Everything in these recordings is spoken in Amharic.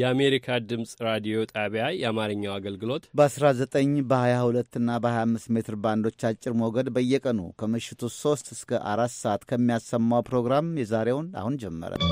የአሜሪካ ድምፅ ራዲዮ ጣቢያ የአማርኛው አገልግሎት በ19 በ22 እና በ25 ሜትር ባንዶች አጭር ሞገድ በየቀኑ ከምሽቱ 3 እስከ 4 ሰዓት ከሚያሰማው ፕሮግራም የዛሬውን አሁን ጀመረ። ¶¶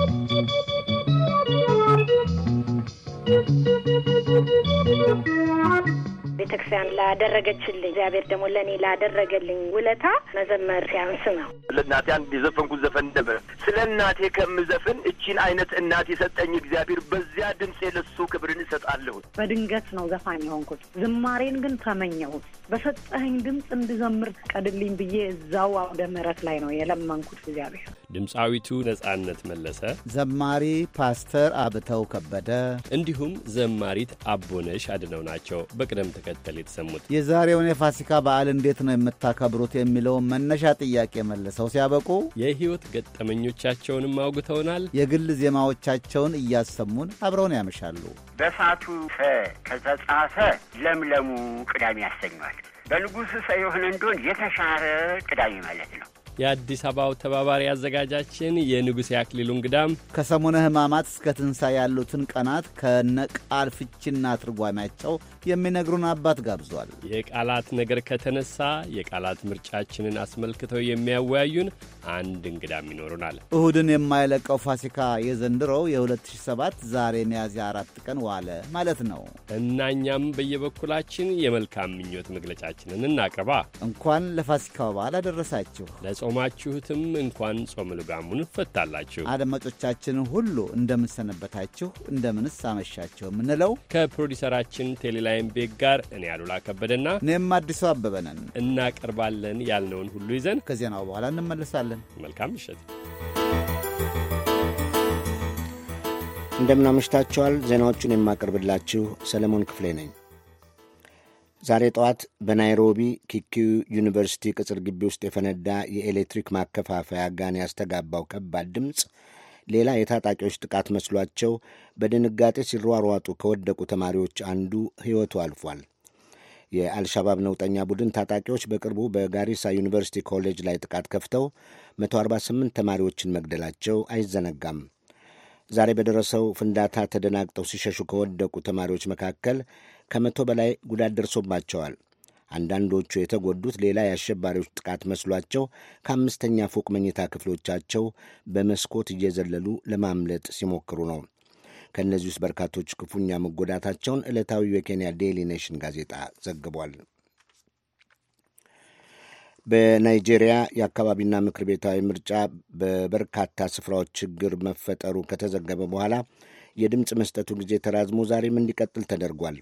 ቤተክርስቲያን ላደረገችልኝ እግዚአብሔር ደግሞ ለእኔ ላደረገልኝ ውለታ መዘመር ሲያንስ ነው። ለእናቴ አንድ የዘፈንኩት ዘፈን ነበር። ስለ እናቴ ከምዘፍን እቺን አይነት እናት የሰጠኝ እግዚአብሔር በዚያ ድምፅ የለሱ ክብርን እሰጣለሁ። በድንገት ነው ዘፋኝ የሆንኩት። ዝማሬን ግን ተመኘሁት። በሰጠኸኝ ድምፅ እንድዘምር ቀድልኝ ብዬ እዛው አውደ ምሕረት ላይ ነው የለመንኩት እግዚአብሔር። ድምፃዊቱ ነጻነት መለሰ፣ ዘማሪ ፓስተር አብተው ከበደ እንዲሁም ዘማሪት አቦነሽ አድነው ናቸው በቅደም ተከ በመቀጠል የተሰሙት። የዛሬውን የፋሲካ በዓል እንዴት ነው የምታከብሩት የሚለውን መነሻ ጥያቄ መልሰው ሲያበቁ የሕይወት ገጠመኞቻቸውንም አውግተውናል። የግል ዜማዎቻቸውን እያሰሙን አብረውን ያመሻሉ። በፋቱ ፈ ከተጻፈ ለምለሙ ቅዳሜ ያሰኟል። በንጉሥ ሰ የሆነ እንደሆን የተሻረ ቅዳሜ ማለት ነው። የአዲስ አበባው ተባባሪ አዘጋጃችን የንጉሴ አክሊሉ እንግዳም ከሰሙነ ሕማማት እስከ ትንሣኤ ያሉትን ቀናት ከነቃል ፍቺና ትርጓሜያቸው የሚነግሩን አባት ጋብዟል። የቃላት ነገር ከተነሳ የቃላት ምርጫችንን አስመልክተው የሚያወያዩን አንድ እንግዳም ይኖሩናል። እሁድን የማይለቀው ፋሲካ የዘንድሮው የ2007 ዛሬ ሚያዝያ አራት ቀን ዋለ ማለት ነው እናኛም በየበኩላችን የመልካም ምኞት መግለጫችንን እናቅርባ። እንኳን ለፋሲካው በዓል አደረሳችሁ። ከጾማችሁትም እንኳን ጾም ልጓሙን ፈታላችሁ። አድማጮቻችንን ሁሉ እንደምንሰነበታችሁ፣ እንደምንስ አመሻችሁ የምንለው ከፕሮዲሰራችን ቴሌላይም ቤግ ጋር እኔ አሉላ ከበደና እኔም አዲሱ አበበነን እናቀርባለን ያልነውን ሁሉ ይዘን ከዜናው በኋላ እንመለሳለን። መልካም ምሽት። እንደምናመሽታችኋል። ዜናዎቹን የማቀርብላችሁ ሰለሞን ክፍሌ ነኝ። ዛሬ ጠዋት በናይሮቢ ኪኪዩ ዩኒቨርሲቲ ቅጽር ግቢ ውስጥ የፈነዳ የኤሌክትሪክ ማከፋፈያ ጋን ያስተጋባው ከባድ ድምፅ ሌላ የታጣቂዎች ጥቃት መስሏቸው በድንጋጤ ሲሯሯጡ ከወደቁ ተማሪዎች አንዱ ሕይወቱ አልፏል። የአልሻባብ ነውጠኛ ቡድን ታጣቂዎች በቅርቡ በጋሪሳ ዩኒቨርሲቲ ኮሌጅ ላይ ጥቃት ከፍተው 148 ተማሪዎችን መግደላቸው አይዘነጋም። ዛሬ በደረሰው ፍንዳታ ተደናግጠው ሲሸሹ ከወደቁ ተማሪዎች መካከል ከመቶ በላይ ጉዳት ደርሶባቸዋል። አንዳንዶቹ የተጎዱት ሌላ የአሸባሪዎች ጥቃት መስሏቸው ከአምስተኛ ፎቅ መኝታ ክፍሎቻቸው በመስኮት እየዘለሉ ለማምለጥ ሲሞክሩ ነው። ከእነዚህ ውስጥ በርካቶች ክፉኛ መጎዳታቸውን ዕለታዊው የኬንያ ዴይሊ ኔሽን ጋዜጣ ዘግቧል። በናይጄሪያ የአካባቢና ምክር ቤታዊ ምርጫ በበርካታ ስፍራዎች ችግር መፈጠሩ ከተዘገበ በኋላ የድምፅ መስጠቱ ጊዜ ተራዝሞ ዛሬም እንዲቀጥል ተደርጓል።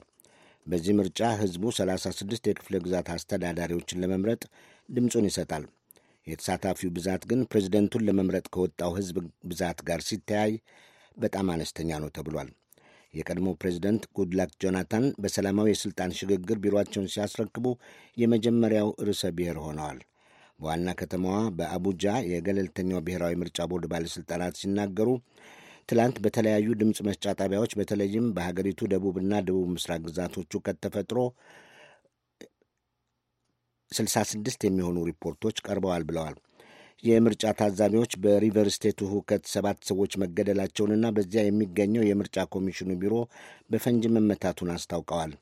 በዚህ ምርጫ ህዝቡ 36 የክፍለ ግዛት አስተዳዳሪዎችን ለመምረጥ ድምፁን ይሰጣል። የተሳታፊው ብዛት ግን ፕሬዚደንቱን ለመምረጥ ከወጣው ህዝብ ብዛት ጋር ሲተያይ በጣም አነስተኛ ነው ተብሏል። የቀድሞ ፕሬዚደንት ጉድላክ ጆናታን በሰላማዊ የሥልጣን ሽግግር ቢሮቸውን ሲያስረክቡ የመጀመሪያው ርዕሰ ብሔር ሆነዋል። በዋና ከተማዋ በአቡጃ የገለልተኛው ብሔራዊ ምርጫ ቦርድ ባለሥልጣናት ሲናገሩ ትላንት በተለያዩ ድምፅ መስጫ ጣቢያዎች በተለይም በሀገሪቱ ደቡብና ደቡብ ምስራቅ ግዛቶች ሁከት ተፈጥሮ 66 የሚሆኑ ሪፖርቶች ቀርበዋል ብለዋል። የምርጫ ታዛቢዎች በሪቨር ስቴቱ ሁከት ሰባት ሰዎች መገደላቸውንና በዚያ የሚገኘው የምርጫ ኮሚሽኑ ቢሮ በፈንጂ መመታቱን አስታውቀዋል።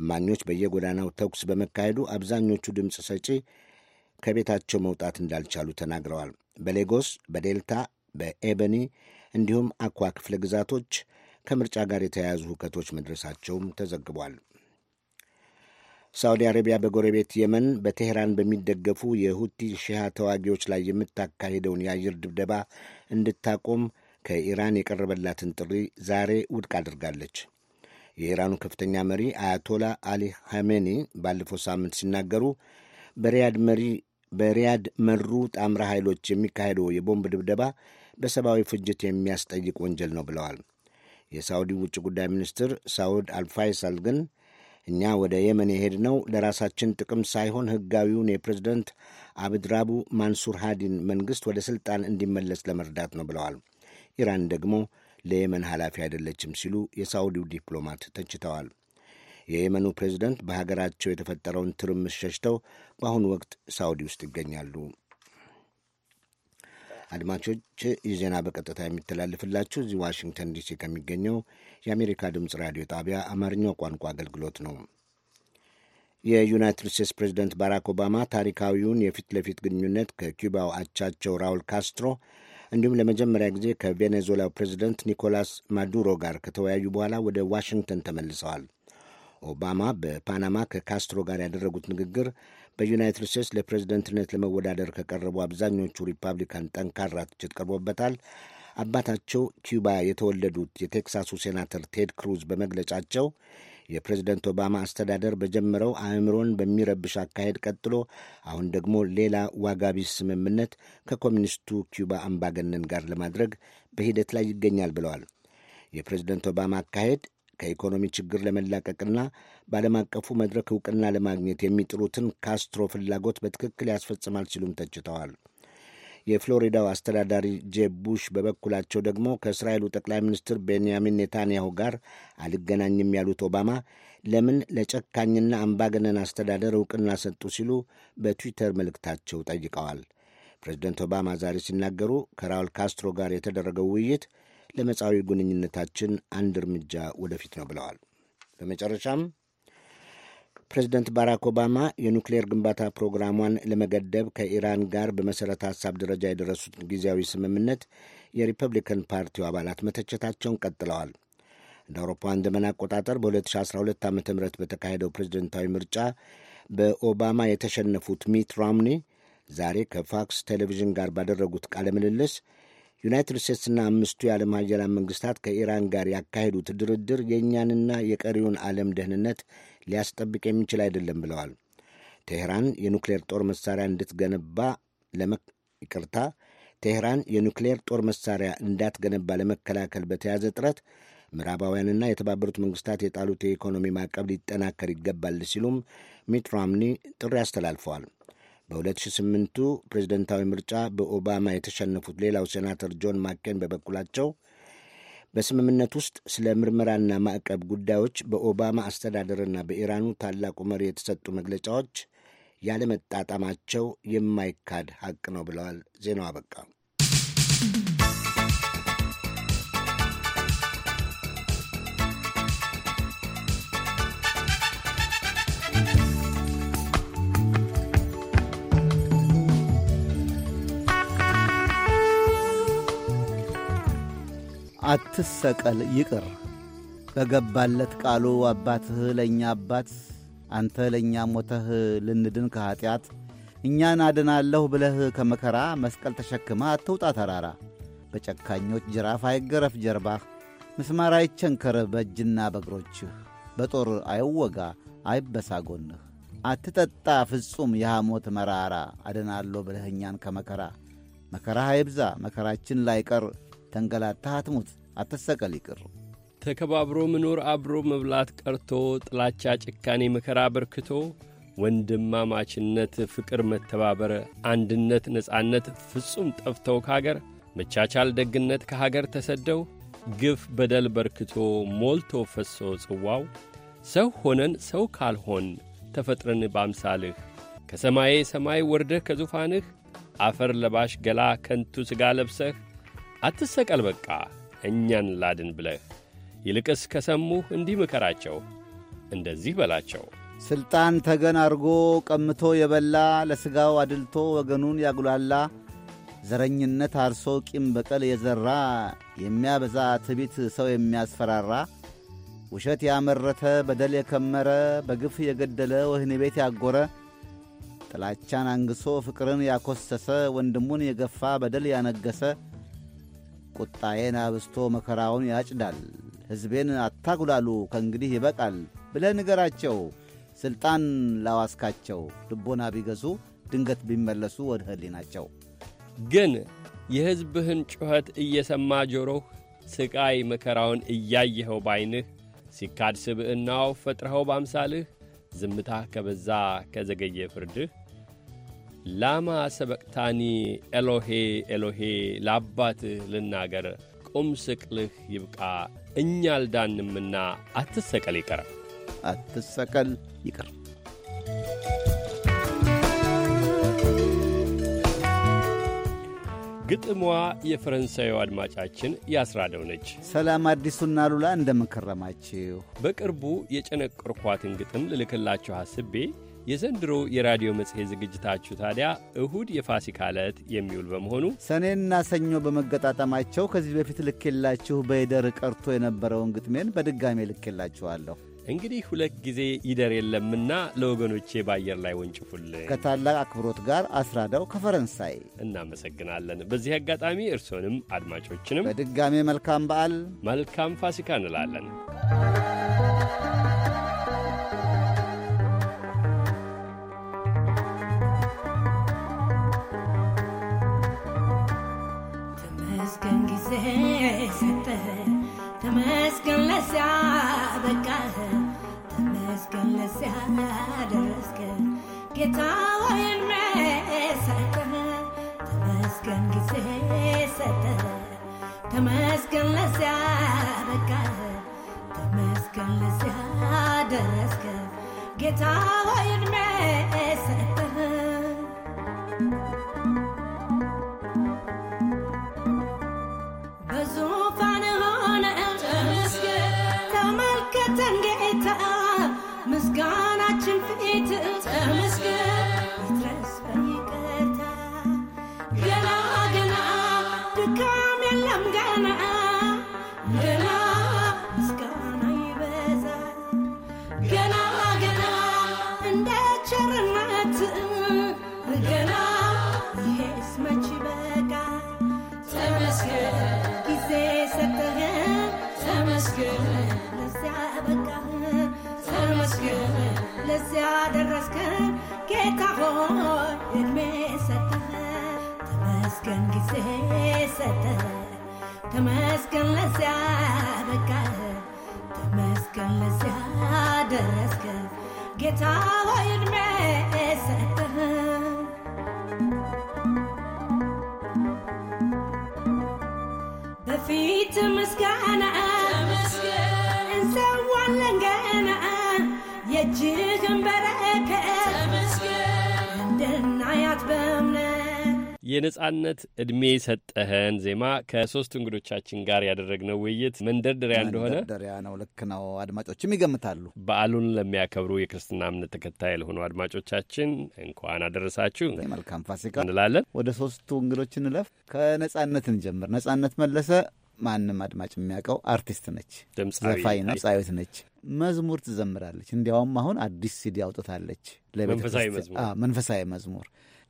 እማኞች በየጎዳናው ተኩስ በመካሄዱ አብዛኞቹ ድምፅ ሰጪ ከቤታቸው መውጣት እንዳልቻሉ ተናግረዋል። በሌጎስ፣ በዴልታ፣ በኤበኒ እንዲሁም አኳ ክፍለ ግዛቶች ከምርጫ ጋር የተያያዙ ሁከቶች መድረሳቸውም ተዘግቧል። ሳውዲ አረቢያ በጎረቤት የመን በቴህራን በሚደገፉ የሁቲ ሺሃ ተዋጊዎች ላይ የምታካሂደውን የአየር ድብደባ እንድታቆም ከኢራን የቀረበላትን ጥሪ ዛሬ ውድቅ አድርጋለች። የኢራኑ ከፍተኛ መሪ አያቶላ አሊ ሐሜኒ ባለፈው ሳምንት ሲናገሩ በሪያድ መሪ በሪያድ መሩ ጣምራ ኃይሎች የሚካሄደው የቦምብ ድብደባ በሰብአዊ ፍጅት የሚያስጠይቅ ወንጀል ነው ብለዋል። የሳዑዲ ውጭ ጉዳይ ሚኒስትር ሳዑድ አልፋይሳል ግን እኛ ወደ የመን የሄድነው ለራሳችን ጥቅም ሳይሆን ሕጋዊውን የፕሬዝደንት አብድራቡ ማንሱር ሃዲን መንግሥት ወደ ሥልጣን እንዲመለስ ለመርዳት ነው ብለዋል። ኢራን ደግሞ ለየመን ኃላፊ አይደለችም ሲሉ የሳዑዲው ዲፕሎማት ተችተዋል። የየመኑ ፕሬዝደንት በሀገራቸው የተፈጠረውን ትርምስ ሸሽተው በአሁኑ ወቅት ሳዑዲ ውስጥ ይገኛሉ። አድማቾች ይህ ዜና በቀጥታ የሚተላልፍላችሁ እዚህ ዋሽንግተን ዲሲ ከሚገኘው የአሜሪካ ድምፅ ራዲዮ ጣቢያ አማርኛው ቋንቋ አገልግሎት ነው። የዩናይትድ ስቴትስ ፕሬዚደንት ባራክ ኦባማ ታሪካዊውን የፊት ለፊት ግንኙነት ከኪባው አቻቸው ራውል ካስትሮ እንዲሁም ለመጀመሪያ ጊዜ ከቬኔዙዌላው ፕሬዚደንት ኒኮላስ ማዱሮ ጋር ከተወያዩ በኋላ ወደ ዋሽንግተን ተመልሰዋል። ኦባማ በፓናማ ከካስትሮ ጋር ያደረጉት ንግግር በዩናይትድ ስቴትስ ለፕሬዝደንትነት ለመወዳደር ከቀረቡ አብዛኞቹ ሪፐብሊካን ጠንካራ ትችት ቀርቦበታል። አባታቸው ኪዩባ የተወለዱት የቴክሳሱ ሴናተር ቴድ ክሩዝ በመግለጫቸው የፕሬዝደንት ኦባማ አስተዳደር በጀመረው አእምሮን በሚረብሽ አካሄድ ቀጥሎ አሁን ደግሞ ሌላ ዋጋቢስ ስምምነት ከኮሚኒስቱ ኪዩባ አምባገነን ጋር ለማድረግ በሂደት ላይ ይገኛል ብለዋል። የፕሬዝደንት ኦባማ አካሄድ ከኢኮኖሚ ችግር ለመላቀቅና በዓለም አቀፉ መድረክ እውቅና ለማግኘት የሚጥሩትን ካስትሮ ፍላጎት በትክክል ያስፈጽማል ሲሉም ተችተዋል። የፍሎሪዳው አስተዳዳሪ ጄብ ቡሽ በበኩላቸው ደግሞ ከእስራኤሉ ጠቅላይ ሚኒስትር ቤንያሚን ኔታንያሁ ጋር አልገናኝም ያሉት ኦባማ ለምን ለጨካኝና አምባገነን አስተዳደር እውቅና ሰጡ ሲሉ በትዊተር መልእክታቸው ጠይቀዋል። ፕሬዚደንት ኦባማ ዛሬ ሲናገሩ ከራውል ካስትሮ ጋር የተደረገው ውይይት ለመጻዊ ግንኙነታችን አንድ እርምጃ ወደፊት ነው ብለዋል። በመጨረሻም ፕሬዚደንት ባራክ ኦባማ የኑክሌር ግንባታ ፕሮግራሟን ለመገደብ ከኢራን ጋር በመሠረተ ሐሳብ ደረጃ የደረሱት ጊዜያዊ ስምምነት የሪፐብሊካን ፓርቲው አባላት መተቸታቸውን ቀጥለዋል። እንደ አውሮፓውያን ዘመን አቆጣጠር በ2012 ዓ ም በተካሄደው ፕሬዝደንታዊ ምርጫ በኦባማ የተሸነፉት ሚት ሮምኒ ዛሬ ከፋክስ ቴሌቪዥን ጋር ባደረጉት ቃለ ምልልስ ዩናይትድ ስቴትስና አምስቱ የዓለም ሀያላን መንግስታት ከኢራን ጋር ያካሄዱት ድርድር የእኛንና የቀሪውን ዓለም ደህንነት ሊያስጠብቅ የሚችል አይደለም ብለዋል። ቴህራን የኑክሌር ጦር መሳሪያ እንድትገነባ ይቅርታ፣ ቴህራን የኑክሌር ጦር መሳሪያ እንዳትገነባ ለመከላከል በተያዘ ጥረት ምዕራባውያንና የተባበሩት መንግስታት የጣሉት የኢኮኖሚ ማዕቀብ ሊጠናከር ይገባል ሲሉም ሚት ሮምኒ ጥሪ አስተላልፈዋል። በ2008ቱ ፕሬዝደንታዊ ምርጫ በኦባማ የተሸነፉት ሌላው ሴናተር ጆን ማኬን በበኩላቸው በስምምነት ውስጥ ስለ ምርመራና ማዕቀብ ጉዳዮች በኦባማ አስተዳደርና በኢራኑ ታላቁ መሪ የተሰጡ መግለጫዎች ያለመጣጣማቸው የማይካድ ሐቅ ነው ብለዋል። ዜናው አበቃ። አትሰቀል ይቅር በገባለት ቃሉ አባትህ ለእኛ አባት አንተ ለእኛ ሞተህ ልንድን ከኀጢአት እኛን አድናለሁ ብለህ ከመከራ መስቀል ተሸክመህ አትውጣ ተራራ። በጨካኞች ጅራፍ አይገረፍ ጀርባህ፣ ምስማር አይቸንከር በእጅና በእግሮችህ፣ በጦር አይወጋ አይበሳ ጎንህ። አትጠጣ ፍጹም የሐሞት መራራ፣ አድናለሁ ብለህ እኛን ከመከራ መከራህ አይብዛ መከራችን ላይቀር ተንገላታ አትሙት፣ አትሰቀል ይቅር ተከባብሮ መኖር አብሮ መብላት ቀርቶ ጥላቻ፣ ጭካኔ፣ መከራ በርክቶ ወንድማማችነት፣ ፍቅር፣ መተባበር፣ አንድነት፣ ነጻነት ፍጹም ጠፍተው ከአገር መቻቻል፣ ደግነት ከሀገር ተሰደው ግፍ፣ በደል በርክቶ ሞልቶ ፈሶ ጽዋው ሰው ሆነን ሰው ካልሆን ተፈጥረን ባምሳልህ ከሰማዬ ሰማይ ወርደህ ከዙፋንህ አፈር ለባሽ ገላ ከንቱ ሥጋ ለብሰህ አትሰቀል በቃ እኛን ላድን ብለህ ይልቅስ ከሰሙህ እንዲህ ምከራቸው፣ እንደዚህ በላቸው። ሥልጣን ተገን አድርጎ ቀምቶ የበላ ለሥጋው አድልቶ ወገኑን ያጉላላ ዘረኝነት አርሶ ቂም በቀል የዘራ የሚያበዛ ትቢት ሰው የሚያስፈራራ ውሸት ያመረተ በደል የከመረ በግፍ የገደለ ወህኒ ቤት ያጐረ ጥላቻን አንግሶ ፍቅርን ያኰሰሰ ወንድሙን የገፋ በደል ያነገሰ ቁጣዬን አብስቶ መከራውን ያጭዳል። ሕዝቤን አታጉላሉ፣ ከእንግዲህ ይበቃል ብለህ ንገራቸው። ሥልጣን ላዋስካቸው ልቦና ቢገዙ ድንገት ቢመለሱ ወደ ሕሊናቸው። ግን የሕዝብህን ጩኸት እየሰማ ጆሮህ ሥቃይ መከራውን እያየኸው ባይንህ ሲካድ ስብዕናው ፈጥረኸው ባምሳልህ ዝምታህ ከበዛ ከዘገየ ፍርድህ ላማ ሰበቅታኒ ኤሎሄ ኤሎሄ ለአባትህ ልናገር፣ ቁም ስቅልህ ይብቃ፣ እኛ አልዳንምና አትሰቀል ይቀር አትሰቀል ይቅር። ግጥሟ የፈረንሳዩ አድማጫችን ያስራደው ነች። ሰላም አዲሱና ሉላ እንደምንከረማችሁ። በቅርቡ የጨነቆርኳትን ግጥም ልልክላችሁ አስቤ የዘንድሮ የራዲዮ መጽሔት ዝግጅታችሁ ታዲያ እሁድ የፋሲካ ዕለት የሚውል በመሆኑ ሰኔና ሰኞ በመገጣጠማቸው ከዚህ በፊት ልኬላችሁ በይደር ቀርቶ የነበረውን ግጥሜን በድጋሜ ልኬላችኋለሁ። እንግዲህ ሁለት ጊዜ ይደር የለምና ለወገኖቼ በአየር ላይ ወንጭፉልኝ። ከታላቅ አክብሮት ጋር አስራዳው ከፈረንሳይ እናመሰግናለን። በዚህ አጋጣሚ እርሶንም አድማጮችንም በድጋሜ መልካም በዓል መልካም ፋሲካ እንላለን። ለዚያ በቃህ ተመስገን ለዚያ ደረስክ ጌታ ወይን መሰጠህ ተመስገን ጊዜ ሰጠህ ተመስገን ለዚያ በቃህ ተመስገን ለዚያ ደረስክ ጌታ ወይን መሰጠህ ተመስገን ለዚያ በቃህ ተመስገን ለዚያ ደረስከን ጌታ ሆይ ጌታ ሆይ እድሜ ሰጠህ የነጻነት ዕድሜ የሰጠህን ዜማ ከሶስት እንግዶቻችን ጋር ያደረግነው ውይይት መንደርደሪያ እንደሆነ መንደርደሪያ ነው። ልክ ነው። አድማጮችም ይገምታሉ። በዓሉን ለሚያከብሩ የክርስትና እምነት ተከታይ ለሆኑ አድማጮቻችን እንኳን አደረሳችሁ፣ መልካም ፋሲካ እንላለን። ወደ ሶስቱ እንግዶች እንለፍ። ከነጻነት እንጀምር። ነጻነት መለሰ ማንም አድማጭ የሚያውቀው አርቲስት ነች፣ ዘፋኝ ነች፣ ጻዊት ነች። መዝሙር ትዘምራለች። እንዲያውም አሁን አዲስ ሲዲ አውጥታለች። መንፈሳዊ መዝሙር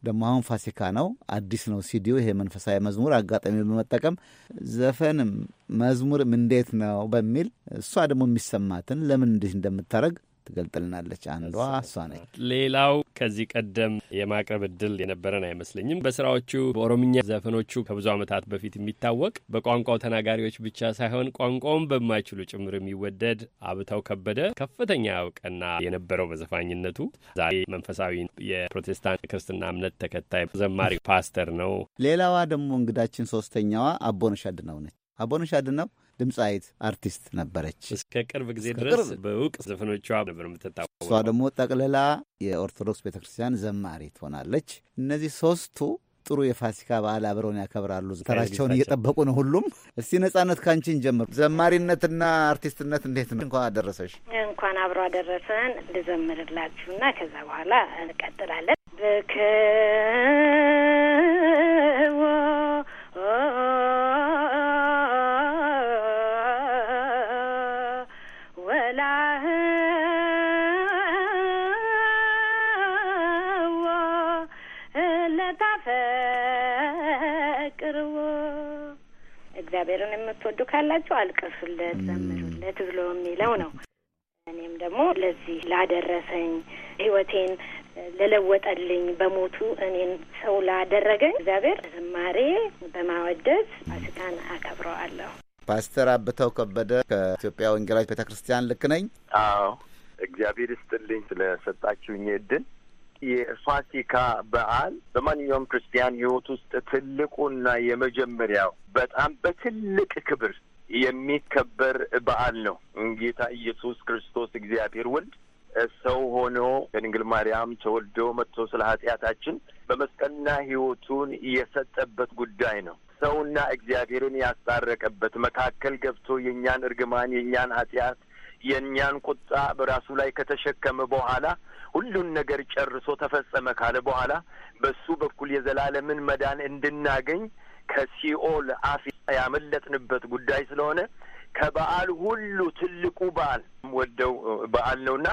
ደግሞ አሁን ፋሲካ ነው፣ አዲስ ነው ሲዲዮ ይሄ መንፈሳዊ መዝሙር አጋጣሚ በመጠቀም ዘፈንም መዝሙርም እንዴት ነው በሚል እሷ ደግሞ የሚሰማትን ለምን እንዲህ እንደምታደረግ ትገልጥልናለች። አንዷ እሷ ነች። ሌላው ከዚህ ቀደም የማቅረብ እድል የነበረን አይመስለኝም። በስራዎቹ በኦሮምኛ ዘፈኖቹ ከብዙ ዓመታት በፊት የሚታወቅ በቋንቋው ተናጋሪዎች ብቻ ሳይሆን ቋንቋውን በማይችሉ ጭምር የሚወደድ አብተው ከበደ ከፍተኛ እውቅና የነበረው በዘፋኝነቱ ዛሬ መንፈሳዊ የፕሮቴስታንት ክርስትና እምነት ተከታይ ዘማሪ ፓስተር ነው። ሌላዋ ደግሞ እንግዳችን ሶስተኛዋ አቦነሽ አድነው ነች። አቦነሽ አድነው ድምፃዊት አርቲስት ነበረች። እስከ ቅርብ ጊዜ ድረስ በእውቅ ዘፈኖቿ ነበር የምትታወቀው። እሷ ደግሞ ጠቅልላ የኦርቶዶክስ ቤተክርስቲያን ዘማሪ ትሆናለች። እነዚህ ሶስቱ ጥሩ የፋሲካ በዓል አብረውን ያከብራሉ። ተራቸውን እየጠበቁ ነው ሁሉም። እስቲ ነጻነት ካንቺን ጀምሩ። ዘማሪነትና አርቲስትነት እንዴት ነው? እንኳን አደረሰሽ። እንኳን አብሮ አደረሰን። ልዘምርላችሁና ከዛ በኋላ እንቀጥላለን። እግዚአብሔርን የምትወዱ ካላችሁ አልቅሱለት፣ ዘምሩለት ብሎ የሚለው ነው። እኔም ደግሞ ለዚህ ላደረሰኝ ህይወቴን ለለወጠልኝ በሞቱ እኔን ሰው ላደረገኝ እግዚአብሔር ዝማሬ በማወደስ ፋሲካን አከብረዋለሁ። ፓስተር አብተው ከበደ ከኢትዮጵያ ወንጌላዊት ቤተ ክርስቲያን ልክ ነኝ? አዎ፣ እግዚአብሔር ይስጥልኝ ስለሰጣችሁኝ እድል የፋሲካ በዓል በማንኛውም ክርስቲያን ሕይወት ውስጥ ትልቁና የመጀመሪያው በጣም በትልቅ ክብር የሚከበር በዓል ነው። ጌታ ኢየሱስ ክርስቶስ እግዚአብሔር ወልድ ሰው ሆኖ ከድንግል ማርያም ተወልዶ መጥቶ ስለ ኃጢአታችን በመስቀልና ሕይወቱን የሰጠበት ጉዳይ ነው። ሰውና እግዚአብሔርን ያስታረቀበት መካከል ገብቶ የእኛን እርግማን፣ የእኛን ኃጢአት፣ የእኛን ቁጣ በራሱ ላይ ከተሸከመ በኋላ ሁሉን ነገር ጨርሶ ተፈጸመ ካለ በኋላ በሱ በኩል የዘላለምን መዳን እንድናገኝ ከሲኦል አፍ ያመለጥንበት ጉዳይ ስለሆነ ከበዓል ሁሉ ትልቁ በዓል ወደው በዓል ነውና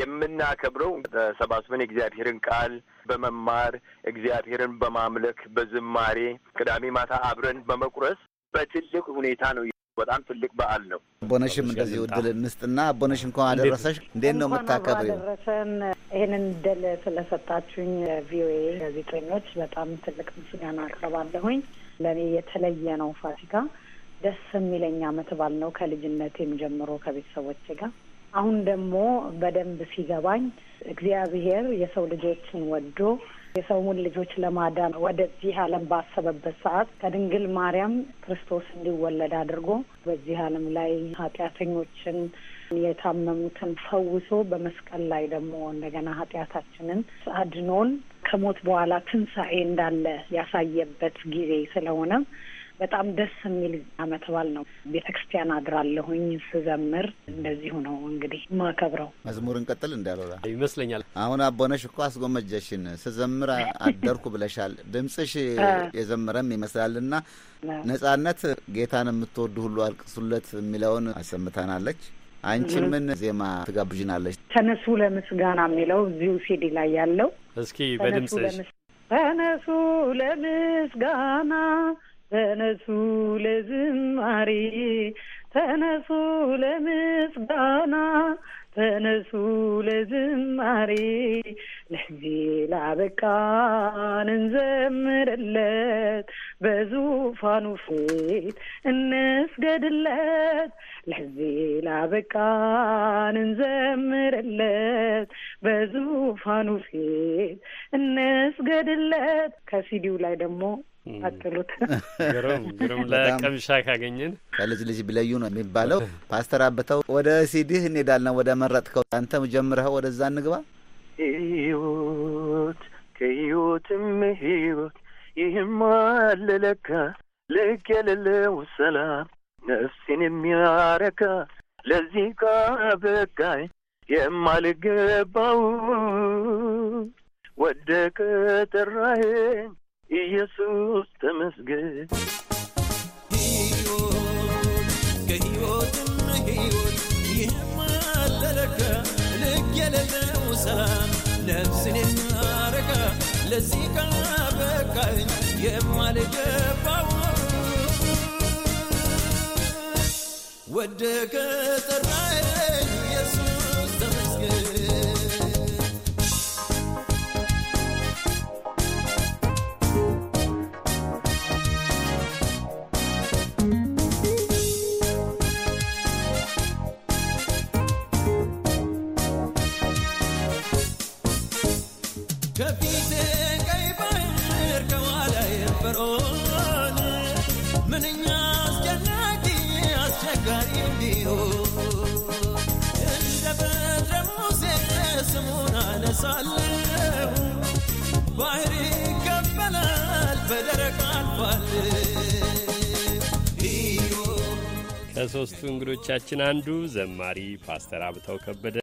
የምናከብረው ተሰባስበን የእግዚአብሔርን ቃል በመማር እግዚአብሔርን በማምለክ በዝማሬ ቅዳሜ ማታ አብረን በመቁረስ በትልቅ ሁኔታ ነው በጣም ትልቅ በዓል ነው። አቦነሽም እንደዚህ እድል እንስጥና አቦነሽ እንኳን አደረሰሽ። እንዴት ነው የምታከብሪ? አደረሰን። ይህንን እድል ስለሰጣችሁኝ ቪኦኤ ጋዜጠኞች በጣም ትልቅ ምስጋና አቅርባለሁኝ። ለእኔ የተለየ ነው ፋሲካ። ደስ የሚለኝ አመት በዓል ነው ከልጅነቴም ጀምሮ ከቤተሰቦቼ ጋር። አሁን ደግሞ በደንብ ሲገባኝ እግዚአብሔር የሰው ልጆችን ወዶ የሰውን ልጆች ለማዳን ወደዚህ ዓለም ባሰበበት ሰዓት ከድንግል ማርያም ክርስቶስ እንዲወለድ አድርጎ በዚህ ዓለም ላይ ኃጢአተኞችን የታመሙትን ፈውሶ በመስቀል ላይ ደግሞ እንደገና ኃጢአታችንን አድኖን ከሞት በኋላ ትንሣኤ እንዳለ ያሳየበት ጊዜ ስለሆነ በጣም ደስ የሚል አመት በዓል ነው። ቤተክርስቲያን አድራለሁኝ ስዘምር እንደዚሁ ነው እንግዲህ ማከብረው። መዝሙር እንቀጥል እንዳልሆነ ይመስለኛል። አሁን አቦነሽ እኮ አስጎመጀሽን ስዘምር አደርኩ ብለሻል። ድምጽሽ የዘመረም ይመስላል እና ነጻነት ጌታን የምትወዱ ሁሉ አልቅሱለት የሚለውን አሰምታናለች። አንቺ ምን ዜማ ትጋብዥናለች? ተነሱ ለምስጋና የሚለው እዚሁ ሲዲ ላይ ያለው እስኪ በድምጽ ተነሱ ለምስጋና ተነሱ ለዝማሬ ተነሱ ለምስጋና ተነሱ ለዝማሬ ለዚህ ላበቃን እንዘምርለት፣ በዙፋኑ ፊት እንስገድለት። ለዚህ ላበቃን እንዘምርለት፣ በዙፋኑ ፊት እንስገድለት። ከሲዲው ላይ ደግሞ አጥሉት ለቀምሻ ካገኘን ከልጅ ልጅ ቢለዩ ነው የሚባለው። ፓስተር አብተው ወደ ሲዲህ እንሄዳለን። ወደ መረጥከው አንተ ጀምረኸው ወደዛ እንግባ። ህይወት ከህይወትም ህይወት ይህም አለለካ ልክ የሌለው ሰላም ነፍሴን የሚያረካ ለዚህ ካበቃኝ የማልገባው ወደ ጠራኸኝ ኢየሱስ ተመስገን ሕይወት ህይወት ሕይወት ይህም አለለካ ልክ የሌለው ሰላም ነፍስን የሚያረካ ለዚህ ካበቃኝ የማልገባው ወደ ከጠራይ ከፊት ቀይ ባህር ከኋላዬ ፈርዖን ምንኛ አስጨናቂ አስቸጋሪ ቢሆን እንደ በትረ ሙሴ ስሙን አነሳለሁ ባህር ይከፈላል በደረቅ አልፏል። ከሶስቱ እንግዶቻችን አንዱ ዘማሪ ፓስተር አብተው ከበደ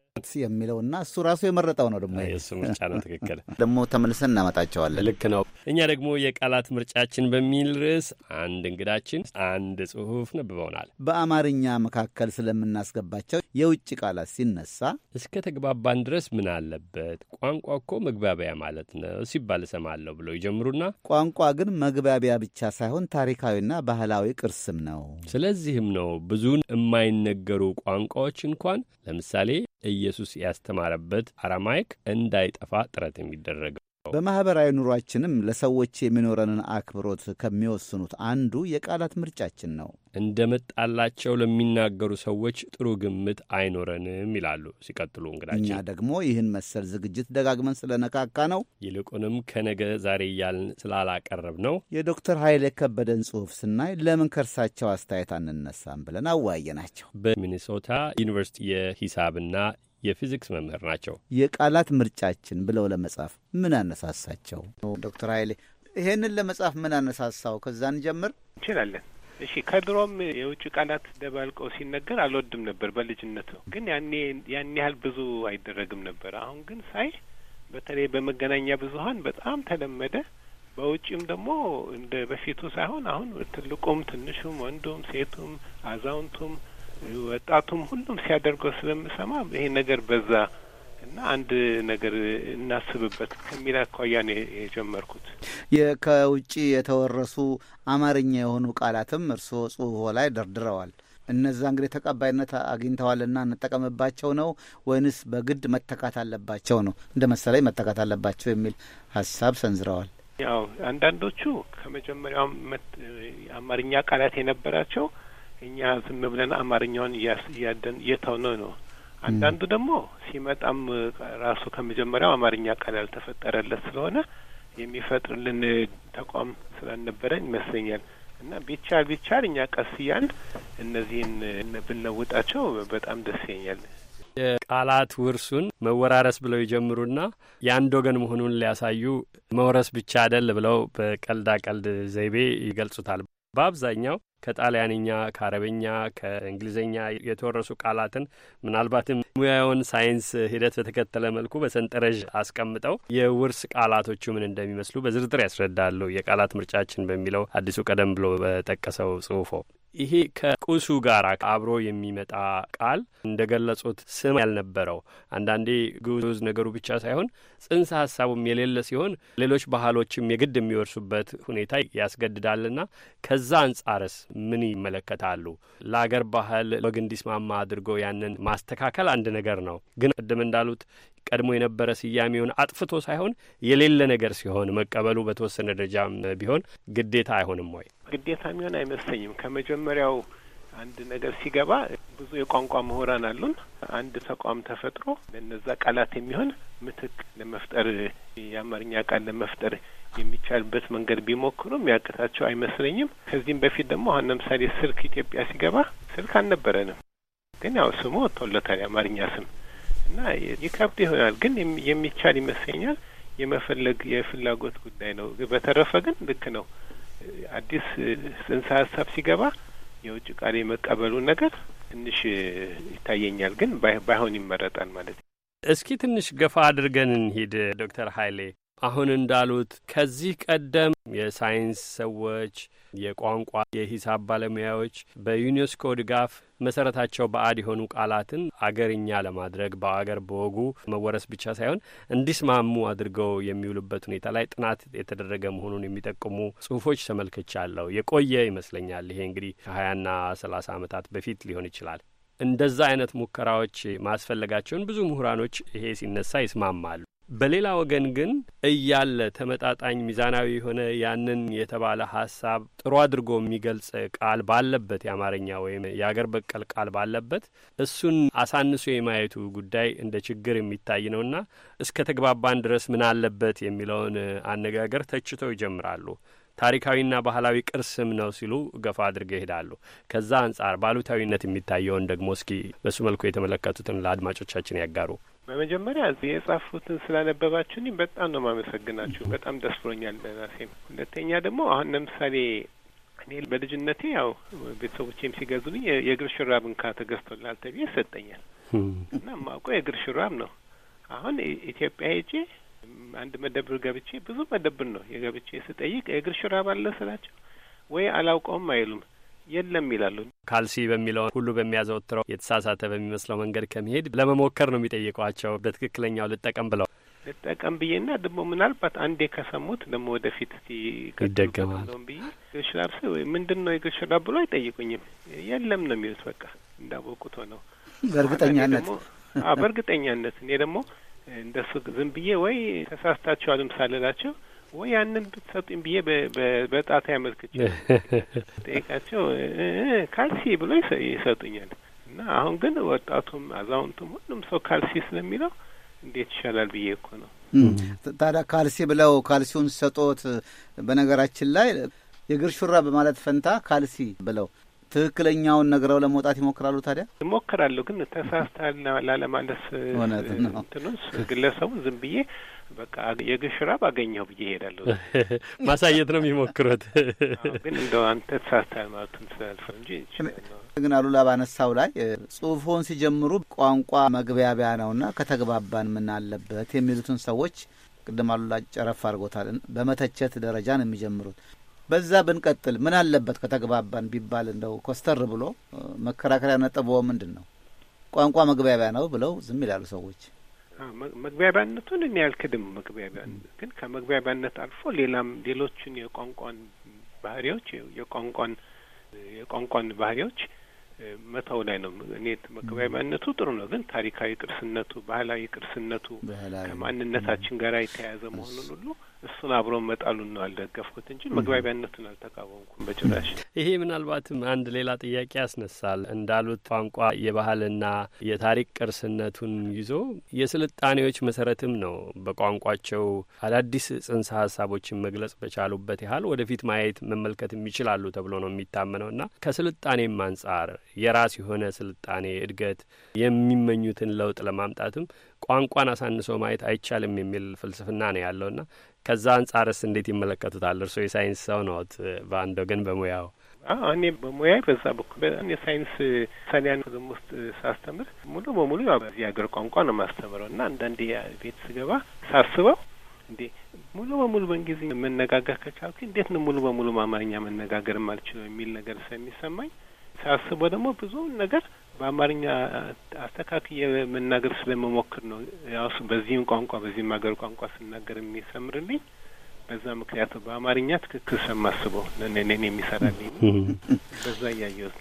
የሚለው የሚለውና እሱ ራሱ የመረጠው ነው። ደሞ የእሱ ምርጫ ነው። ትክክል። ደግሞ ተመልሰን እናመጣቸዋለን። ልክ ነው። እኛ ደግሞ የቃላት ምርጫችን በሚል ርዕስ አንድ እንግዳችን አንድ ጽሑፍ ነብበውናል። በአማርኛ መካከል ስለምናስገባቸው የውጭ ቃላት ሲነሳ እስከ ተግባባን ድረስ ምን አለበት ቋንቋ እኮ መግባቢያ ማለት ነው ሲባል እሰማለሁ ብለው ይጀምሩና ቋንቋ ግን መግባቢያ ብቻ ሳይሆን ታሪካዊና ባህላዊ ቅርስም ነው። ስለዚህም ነው ብዙን የማይነገሩ ቋንቋዎች እንኳን ለምሳሌ ኢየሱስ ያስተማረበት አራማይክ እንዳይጠፋ ጥረት የሚደረገው። በማኅበራዊ ኑሯችንም ለሰዎች የሚኖረንን አክብሮት ከሚወስኑት አንዱ የቃላት ምርጫችን ነው። እንደ መጣላቸው ለሚናገሩ ሰዎች ጥሩ ግምት አይኖረንም ይላሉ ሲቀጥሉ እንግዳችን። እኛ ደግሞ ይህን መሰል ዝግጅት ደጋግመን ስለነካካ ነው፣ ይልቁንም ከነገ ዛሬ እያልን ስላላቀረብ ነው። የዶክተር ኃይሌ ከበደን ጽሑፍ ስናይ ለምን ከእርሳቸው አስተያየት አንነሳም ብለን ናቸው። በሚኒሶታ ዩኒቨርሲቲ የሂሳብና የፊዚክስ መምህር ናቸው። የቃላት ምርጫችን ብለው ለመጻፍ ምን አነሳሳቸው ዶክተር ኃይሌ? ይህንን ለመጻፍ ምን አነሳሳው? ከዛን ጀምር እንችላለን። እሺ ከድሮም የውጭ ቃላት ደባልቀው ሲነገር አልወድም ነበር በልጅነት ነው። ግን ያኔ ያን ያህል ብዙ አይደረግም ነበር። አሁን ግን ሳይ በተለይ በመገናኛ ብዙሀን በጣም ተለመደ። በውጭም ደግሞ እንደ በፊቱ ሳይሆን አሁን ትልቁም ትንሹም ወንዱም ሴቱም አዛውንቱም ወጣቱም ሁሉም ሲያደርገው ስለምሰማ ይሄ ነገር በዛ እና አንድ ነገር እናስብበት ከሚል አኳያ ነው የጀመርኩት። ከውጭ የተወረሱ አማርኛ የሆኑ ቃላትም እርስዎ ጽሁፎ ላይ ደርድረዋል። እነዛ እንግዲህ ተቀባይነት አግኝተዋልና እንጠቀምባቸው ነው ወይንስ በግድ መተካት አለባቸው ነው እንደ መሰለኝ መተካት አለባቸው የሚል ሀሳብ ሰንዝረዋል። ያው አንዳንዶቹ ከመጀመሪያውም አማርኛ ቃላት የነበራቸው እኛ ዝም ብለን አማርኛውን እያደን እየተውነው ነው አንዳንዱ ደግሞ ሲመጣም ራሱ ከመጀመሪያው አማርኛ ቃል ያልተፈጠረለት ስለሆነ የሚፈጥርልን ተቋም ስላልነበረን ይመስለኛል። እና ቢቻል ቢቻል እኛ ቀስ እያል እነዚህን ብንለውጣቸው በጣም ደስ ይለኛል። የቃላት ውርሱን መወራረስ ብለው ይጀምሩና የአንድ ወገን መሆኑን ሊያሳዩ መውረስ ብቻ አደል ብለው በቀልዳ ቀልድ ዘይቤ ይገልጹታል። በአብዛኛው ከጣሊያንኛ፣ ከአረበኛ፣ ከእንግሊዝኛ የተወረሱ ቃላትን ምናልባትም ሙያውን ሳይንስ ሂደት በተከተለ መልኩ በሰንጠረዥ አስቀምጠው የውርስ ቃላቶቹ ምን እንደሚመስሉ በዝርዝር ያስረዳሉ። የቃላት ምርጫችን በሚለው አዲሱ ቀደም ብሎ በጠቀሰው ጽሁፎ ይሄ ከቁሱ ጋር አብሮ የሚመጣ ቃል እንደ ገለጹት ስም ያልነበረው አንዳንዴ ግዙዝ ነገሩ ብቻ ሳይሆን ጽንሰ ሀሳቡም የሌለ ሲሆን ሌሎች ባህሎችም የግድ የሚወርሱበት ሁኔታ ያስገድዳልና ከዛ አንጻርስ ምን ይመለከታሉ? ለአገር ባህል ወግ እንዲስማማ አድርጎ ያንን ማስተካከል አንድ ነገር ነው። ግን ቅድም እንዳሉት ቀድሞ የነበረ ስያሜውን አጥፍቶ ሳይሆን የሌለ ነገር ሲሆን መቀበሉ በተወሰነ ደረጃ ቢሆን ግዴታ አይሆንም ወይ? ግዴታ የሚሆን አይመስለኝም። ከመጀመሪያው አንድ ነገር ሲገባ ብዙ የቋንቋ ምሁራን አሉን። አንድ ተቋም ተፈጥሮ ለነዛ ቃላት የሚሆን ምትክ ለመፍጠር የአማርኛ ቃል ለመፍጠር የሚቻልበት መንገድ ቢሞክሩም ያቅታቸው አይመስለኝም። ከዚህም በፊት ደግሞ አሁን ለምሳሌ ስልክ ኢትዮጵያ ሲገባ ስልክ አልነበረንም፣ ግን ያው ስሙ ወጥቶለታል የአማርኛ ስም እና ይከብድ ይሆናል ግን የሚቻል ይመስለኛል። የመፈለግ የፍላጎት ጉዳይ ነው። በተረፈ ግን ልክ ነው። አዲስ ጽንሰ ሀሳብ ሲገባ የውጭ ቃል የመቀበሉ ነገር ትንሽ ይታየኛል፣ ግን ባይሆን ይመረጣል ማለት ነው። እስኪ ትንሽ ገፋ አድርገን እንሂድ ዶክተር ሀይሌ አሁን እንዳሉት ከዚህ ቀደም የሳይንስ ሰዎች፣ የቋንቋ የሂሳብ ባለሙያዎች በዩኔስኮ ድጋፍ መሰረታቸው በአድ የሆኑ ቃላትን አገርኛ ለማድረግ በአገር በወጉ መወረስ ብቻ ሳይሆን እንዲስማሙ አድርገው የሚውሉበት ሁኔታ ላይ ጥናት የተደረገ መሆኑን የሚጠቁሙ ጽሁፎች ተመልክቻለሁ። የቆየ ይመስለኛል። ይሄ እንግዲህ ከሀያና ሰላሳ ዓመታት በፊት ሊሆን ይችላል። እንደዛ አይነት ሙከራዎች ማስፈለጋቸውን ብዙ ምሁራኖች ይሄ ሲነሳ ይስማማሉ። በሌላ ወገን ግን እያለ ተመጣጣኝ ሚዛናዊ የሆነ ያንን የተባለ ሀሳብ ጥሩ አድርጎ የሚገልጽ ቃል ባለበት የአማርኛ ወይም የአገር በቀል ቃል ባለበት እሱን አሳንሶ የማየቱ ጉዳይ እንደ ችግር የሚታይ ነውና እስከ ተግባባን ድረስ ምን አለበት የሚለውን አነጋገር ተችተው ይጀምራሉ። ታሪካዊና ባህላዊ ቅርስም ነው ሲሉ ገፋ አድርገው ይሄዳሉ። ከዛ አንጻር ባሉታዊነት የሚታየውን ደግሞ እስኪ በሱ መልኩ የተመለከቱትን ለአድማጮቻችን ያጋሩ። በመጀመሪያ የጻፉትን ስላነበባችሁ እኔም በጣም ነው ማመሰግናችሁ። በጣም ደስ ብሎኛል ራሴም። ሁለተኛ ደግሞ አሁን ለምሳሌ እኔ በልጅነቴ ያው ቤተሰቦቼም ሲገዙልኝ የእግር ሹራብ እንካ ተገዝቶላል ተብዬ ይሰጠኛል እና ማውቀው የእግር ሹራብ ነው። አሁን ኢትዮጵያ ሄጄ አንድ መደብር ገብቼ ብዙ መደብር ነው የገብቼ ስጠይቅ የእግር ሹራብ አለ ስላቸው ወይ አላውቀውም አይሉም የለም ይላሉ። ካልሲ በሚለው ሁሉ በሚያዘወትረው የተሳሳተ በሚመስለው መንገድ ከመሄድ ለመሞከር ነው የሚጠይቋቸው። በትክክለኛው ልጠቀም ብለው ልጠቀም ብዬ ና ደግሞ ምናልባት አንዴ ከሰሙት ደግሞ ወደፊት ይደገማለውን ብዬ እግር ሹራብ ስ ምንድን ነው የእግር ሹራብ ብሎ አይጠይቁኝም። የለም ነው የሚሉት። በቃ እንዳወቁት ነው በእርግጠኛነት በእርግጠኛነት እኔ ደግሞ እንደሱ ዝም ብዬ ወይ ተሳስታችኋልም ሳልላቸው ወይ ያንን ብትሰጡኝ ብዬ በጣታ ያመልክቼ ጠይቃቸው ካልሲ ብሎ ይሰጡኛል። እና አሁን ግን ወጣቱም አዛውንቱም ሁሉም ሰው ካልሲ ስለሚለው እንዴት ይሻላል ብዬ እኮ ነው። ታዲያ ካልሲ ብለው ካልሲውን ሰጦት፣ በነገራችን ላይ የእግር ሹራ በማለት ፈንታ ካልሲ ብለው ትክክለኛውን ነግረው ለመውጣት ይሞክራሉ። ታዲያ ይሞክራሉ፣ ግን ተሳስታል ላለማለስ እንትኖች ግለሰቡ ዝም ብዬ በቃ የግሽ ራብ አገኘው ብዬ እሄዳለሁ። ማሳየት ነው የሚሞክሩት፣ ግን እንደው አንተ ተሳስታል ማለቱን ስላልፈው እንጂ ግን አሉላ ባነሳው ላይ ጽሁፎን ሲጀምሩ ቋንቋ መግባቢያ ነውና ከተግባባን ምን አለበት የሚሉትን ሰዎች ቅድም አሉላ ጨረፍ አድርጎታል። በመተቸት ደረጃ ነው የሚጀምሩት። በዛ ብንቀጥል ምን አለበት ከተግባባን ቢባል እንደው ኮስተር ብሎ መከራከሪያ ነጥቦ ምንድን ነው? ቋንቋ መግባቢያ ነው ብለው ዝም ይላሉ ሰዎች። መግባቢያነቱን እኔ ያልክድም። መግባቢያ ግን ከመግባቢያነት አልፎ ሌላም ሌሎችን የቋንቋን ባህሪዎች የቋንቋን የቋንቋን ባህሪዎች መተው ላይ ነው። እኔ መግባቢያነቱ ጥሩ ነው፣ ግን ታሪካዊ ቅርስነቱ፣ ባህላዊ ቅርስነቱ ከማንነታችን ጋር የተያያዘ መሆኑን ሁሉ እሱን አብሮ መጣሉ ነው ያልደገፍኩት እንጂ መግባቢያነቱን አልተቃወምኩም በጭራሽ። ይሄ ምናልባትም አንድ ሌላ ጥያቄ ያስነሳል። እንዳሉት ቋንቋ የባህልና የታሪክ ቅርስነቱን ይዞ የስልጣኔዎች መሰረትም ነው። በቋንቋቸው አዳዲስ ጽንሰ ሀሳቦችን መግለጽ በቻሉበት ያህል ወደፊት ማየት መመልከት ይችላሉ ተብሎ ነው የሚታመነው እና ከስልጣኔም አንጻር የራስ የሆነ ስልጣኔ እድገት የሚመኙትን ለውጥ ለማምጣትም ቋንቋን አሳንሶ ማየት አይቻልም የሚል ፍልስፍና ነው ያለውና ከዛ አንጻርስ እንዴት ይመለከቱታል? እርስዎ የሳይንስ ሰው ነዎት፣ በአንድ ወገን በሙያው እኔ በሙያ በዛ በኩል የሳይንስ ሳሊያን ዝም ውስጥ ሳስተምር ሙሉ በሙሉ ያው በዚህ ሀገር ቋንቋ ነው ማስተምረው እና አንዳንዴ ቤት ስገባ ሳስበው እንዴ ሙሉ በሙሉ በእንግሊዝኛ መነጋገር ከቻልኩ እንዴት ነው ሙሉ በሙሉ በአማርኛ መነጋገር ማልችለው የሚል ነገር ስለሚሰማኝ ሳስበው ደግሞ ብዙውን ነገር በአማርኛ አስተካክዬ መናገር ስለመሞክር ነው። ያው በዚህም ቋንቋ በዚህም ሀገር ቋንቋ ስናገር የሚሰምርልኝ በዛ ምክንያቱ በአማርኛ ትክክል ሰማስበው ለኔ የሚሰራልኝ በዛ እያየሁት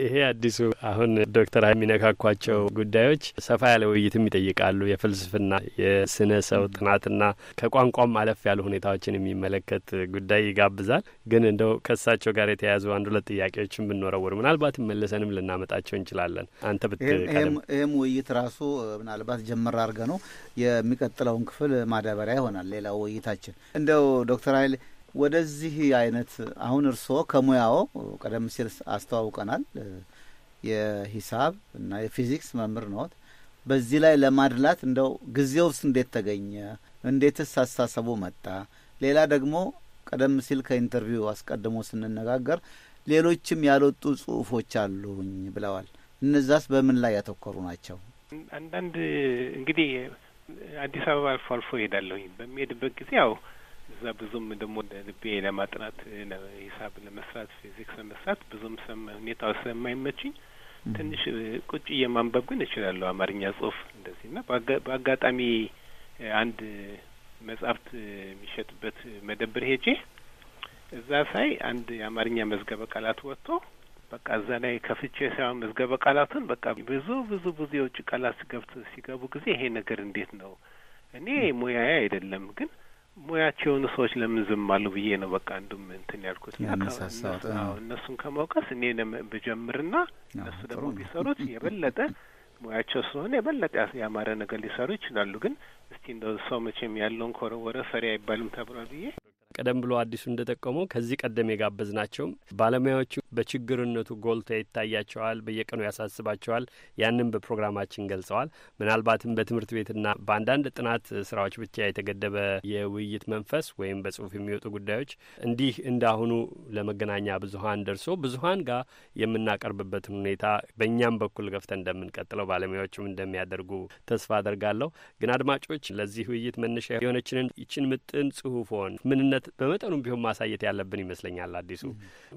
ይሄ አዲሱ አሁን ዶክተር የሚነካኳቸው ጉዳዮች ሰፋ ያለ ውይይትም ይጠይቃሉ። የፍልስፍና የስነ ሰው ጥናትና ከቋንቋም አለፍ ያሉ ሁኔታዎችን የሚመለከት ጉዳይ ይጋብዛል። ግን እንደው ከእሳቸው ጋር የተያያዙ አንድ ሁለት ጥያቄዎችን ብንወረውር ምናልባት መለሰንም ልናመጣቸው እንችላለን። አንተ ብትይህም ውይይት ራሱ ምናልባት ጀመር አድርገ ነው የሚቀጥለውን ክፍል ማዳበሪያ ይሆናል። ሌላው ውይይታችን እንደው ዶክተር ሀይል ወደዚህ አይነት አሁን እርስዎ ከሙያዎ ቀደም ሲል አስተዋውቀናል የሂሳብ እና የፊዚክስ መምህር ነዎት። በዚህ ላይ ለማድላት እንደው ጊዜውስ እንዴት ተገኘ? እንዴትስ አስተሳሰቡ መጣ? ሌላ ደግሞ ቀደም ሲል ከኢንተርቪው አስቀድሞ ስንነጋገር ሌሎችም ያልወጡ ጽሁፎች አሉኝ ብለዋል። እነዛስ በምን ላይ ያተኮሩ ናቸው? አንዳንድ እንግዲህ አዲስ አበባ አልፎ አልፎ እሄዳለሁኝ። በሚሄድበት ጊዜ ያው እዛ ብዙም ደግሞ ልቤ ለማጥናት ሂሳብ ለመስራት ፊዚክስ ለመስራት ብዙም ሁኔታው ስለማይመችኝ ትንሽ ቁጭ እየማንበብ ግን እችላለሁ አማርኛ ጽሁፍ እንደዚህ እና በአጋጣሚ አንድ መጽሀፍት የሚሸጥበት መደብር ሄጄ እዛ ሳይ አንድ የአማርኛ መዝገበ ቃላት ወጥቶ በቃ እዛ ላይ ከፍቼ ሳይሆን መዝገበ ቃላቱን በቃ ብዙ ብዙ ብዙ የውጭ ቃላት ሲገብት ሲገቡ ጊዜ ይሄ ነገር እንዴት ነው እኔ ሙያዬ አይደለም ግን ሙያቸው የሆኑ ሰዎች ለምን ዝም አሉ ብዬ ነው በቃ እንዱም እንትን ያልኩት እነሱን ከመውቀስ እኔ ብጀምርና እነሱ ደግሞ ቢሰሩት የበለጠ ሙያቸው ስለሆነ የበለጠ ያማረ ነገር ሊሰሩ ይችላሉ። ግን እስቲ እንደ ሰው መቼም ያለውን ኮረወረ ፈሪ አይባልም ተብሏል ብዬ ቀደም ብሎ አዲሱ እንደጠቀመው ከዚህ ቀደም የጋበዝናቸውም ባለሙያዎቹ በችግርነቱ ጎልቶ ይታያቸዋል፣ በየቀኑ ያሳስባቸዋል። ያንም በፕሮግራማችን ገልጸዋል። ምናልባትም በትምህርት ቤትና በአንዳንድ ጥናት ስራዎች ብቻ የተገደበ የውይይት መንፈስ ወይም በጽሁፍ የሚወጡ ጉዳዮች እንዲህ እንዳሁኑ ለመገናኛ ብዙሀን ደርሶ ብዙሀን ጋር የምናቀርብበትን ሁኔታ በእኛም በኩል ገፍተን እንደምንቀጥለው ባለሙያዎቹም እንደሚያደርጉ ተስፋ አደርጋለሁ። ግን አድማጮች ለዚህ ውይይት መነሻ የሆነችንን ይችን ምጥን ጽሁፎን ምንነት በመጠኑም ቢሆን ማሳየት ያለብን ይመስለኛል። አዲሱ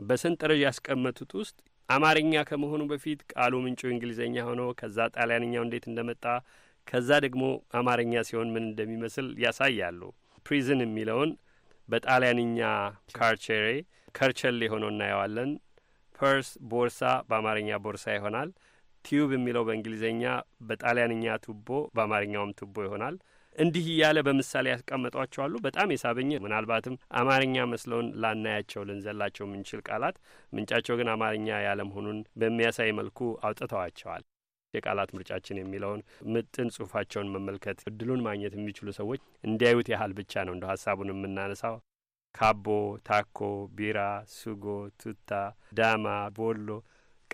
በሰንጠረዥ ያስቀመጡት ውስጥ አማርኛ ከመሆኑ በፊት ቃሉ ምንጩ እንግሊዝኛ ሆኖ ከዛ ጣሊያንኛው እንዴት እንደመጣ ከዛ ደግሞ አማርኛ ሲሆን ምን እንደሚመስል ያሳያሉ። ፕሪዝን የሚለውን በጣሊያንኛ ካርቸሬ ከርቸል የሆነው እናየዋለን። ፐርስ ቦርሳ በአማርኛ ቦርሳ ይሆናል። ቲዩብ የሚለው በእንግሊዝኛ በጣሊያንኛ ቱቦ፣ በአማርኛውም ቱቦ ይሆናል። እንዲህ እያለ በምሳሌ ያስቀመጧቸው አሉ። በጣም የሳበኝ ምናልባትም አማርኛ መስለውን ላናያቸው ልንዘላቸው የምንችል ቃላት ምንጫቸው ግን አማርኛ ያለመሆኑን በሚያሳይ መልኩ አውጥተዋቸዋል። የቃላት ምርጫችን የሚለውን ምጥን ጽሁፋቸውን መመልከት እድሉን ማግኘት የሚችሉ ሰዎች እንዲያዩት ያህል ብቻ ነው እንደ ሀሳቡን የምናነሳው። ካቦ፣ ታኮ፣ ቢራ፣ ሱጎ፣ ቱታ፣ ዳማ፣ ቦሎ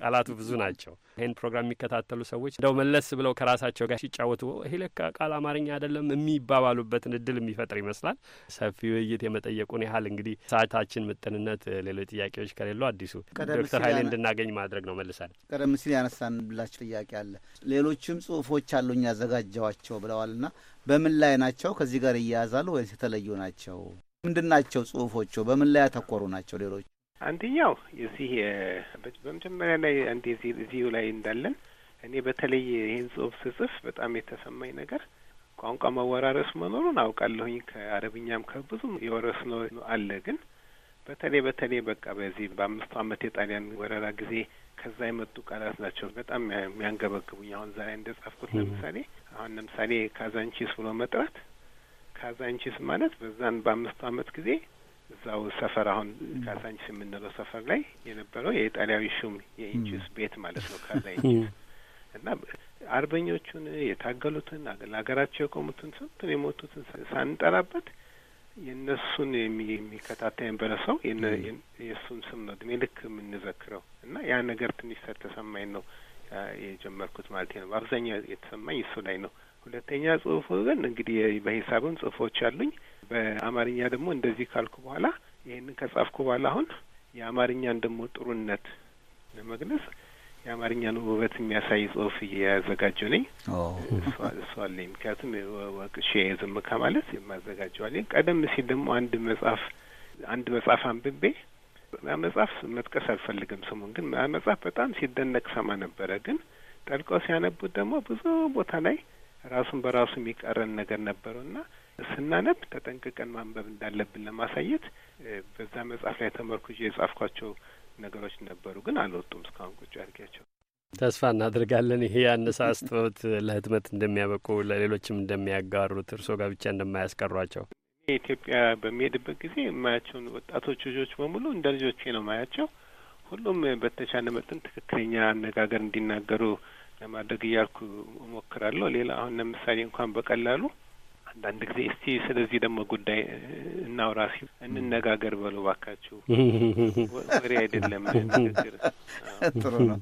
ቃላቱ ብዙ ናቸው። ይህን ፕሮግራም የሚከታተሉ ሰዎች እንደው መለስ ብለው ከራሳቸው ጋር ሲጫወቱ ይሄ ለካ ቃል አማርኛ አይደለም የሚባባሉበትን እድል የሚፈጥር ይመስላል። ሰፊ ውይይት የመጠየቁን ያህል እንግዲህ ሰዓታችን ምጥንነት ሌሎች ጥያቄዎች ከሌሉ አዲሱ ዶክተር ኃይሌ እንድናገኝ ማድረግ ነው። መልሳል ቀደም ሲል ያነሳን ጥያቄ አለ። ሌሎችም ጽሁፎች አሉኝ ያዘጋጀዋቸው ብለዋልና በምን ላይ ናቸው? ከዚህ ጋር እያያዛሉ ወይስ የተለዩ ናቸው? ምንድን ናቸው ጽሁፎቹ? በምን ላይ ያተኮሩ ናቸው? ሌሎች አንደኛው እዚህ በመጀመሪያ ላይ አንድ እዚሁ ላይ እንዳለን እኔ በተለይ ይህን ጽሁፍ ስጽፍ በጣም የተሰማኝ ነገር ቋንቋ መወራረስ መኖሩን አውቃለሁኝ። ከአረብኛም ከብዙ የወረስ ነው አለ። ግን በተለይ በተለይ በቃ በዚህ በአምስቱ ዓመት የጣሊያን ወረራ ጊዜ ከዛ የመጡ ቃላት ናቸው በጣም የሚያንገበግቡኝ። አሁን ዛሬ ላይ እንደ ጻፍኩት ለምሳሌ አሁን ለምሳሌ ካዛንቺስ ብሎ መጥራት ካዛንቺስ ማለት በዛን በአምስቱ አመት ጊዜ እዛው ሰፈር አሁን ካዛንቺስ የምንለው ሰፈር ላይ የነበረው የኢጣሊያዊ ሹም የኢንቺስ ቤት ማለት ነው ካዛ ኢንቺስ እና አርበኞቹን የታገሉትን ለሀገራቸው የቆሙትን ስንቱን የሞቱትን ሳንጠራበት የእነሱን የሚከታታ የነበረ ሰው የእሱን ስም ነው እድሜ ልክ የምንዘክረው እና ያ ነገር ትንሽ ሰር ተሰማኝ ነው የጀመርኩት ማለት ነው። በአብዛኛው የተሰማኝ እሱ ላይ ነው። ሁለተኛ ጽሁፉ ግን እንግዲህ በሂሳብም ጽሁፎች አሉኝ በአማርኛ ደግሞ እንደዚህ ካልኩ በኋላ ይህንን ከጻፍኩ በኋላ አሁን የአማርኛን ደግሞ ጥሩነት ለመግለጽ የአማርኛን ውበት የሚያሳይ ጽሁፍ እያዘጋጀው ነኝ። እሷለኝ ምክንያቱም ወቅሽ የዘመካ ማለት የማዘጋጀዋለኝ። ቀደም ሲል ደግሞ አንድ መጽሐፍ አንድ መጽሐፍ አንብቤ መጽሐፍ መጥቀስ አልፈልግም ስሙን ግን መጽሐፍ በጣም ሲደነቅ ሰማ ነበረ። ግን ጠልቀው ሲያነቡት ደግሞ ብዙ ቦታ ላይ ራሱን በራሱ የሚቀረን ነገር ነበረው ነበረውና ስናነብ ተጠንቅቀን ማንበብ እንዳለብን ለማሳየት በዛ መጽሐፍ ላይ ተመርኩዤ የጻፍኳቸው ነገሮች ነበሩ፣ ግን አልወጡም እስካሁን ቁጭ አድርጊያቸው። ተስፋ እናደርጋለን ይሄ ያነሳስቶት ለህትመት እንደሚያበቁ ለሌሎችም እንደሚያጋሩት እርስዎ ጋር ብቻ እንደማያስቀሯቸው። እኔ ኢትዮጵያ በሚሄድበት ጊዜ የማያቸውን ወጣቶች ልጆች በሙሉ እንደ ልጆቼ ነው ማያቸው። ሁሉም በተቻለ መጠን ትክክለኛ አነጋገር እንዲናገሩ ለማድረግ እያልኩ እሞክራለሁ። ሌላ አሁን ለምሳሌ እንኳን በቀላሉ አንዳንድ ጊዜ እስቲ ስለዚህ ደግሞ ጉዳይ እናውራ ሲ እንነጋገር በሉ ባካችሁ፣ ወሬ አይደለም ጥሩ ነው፣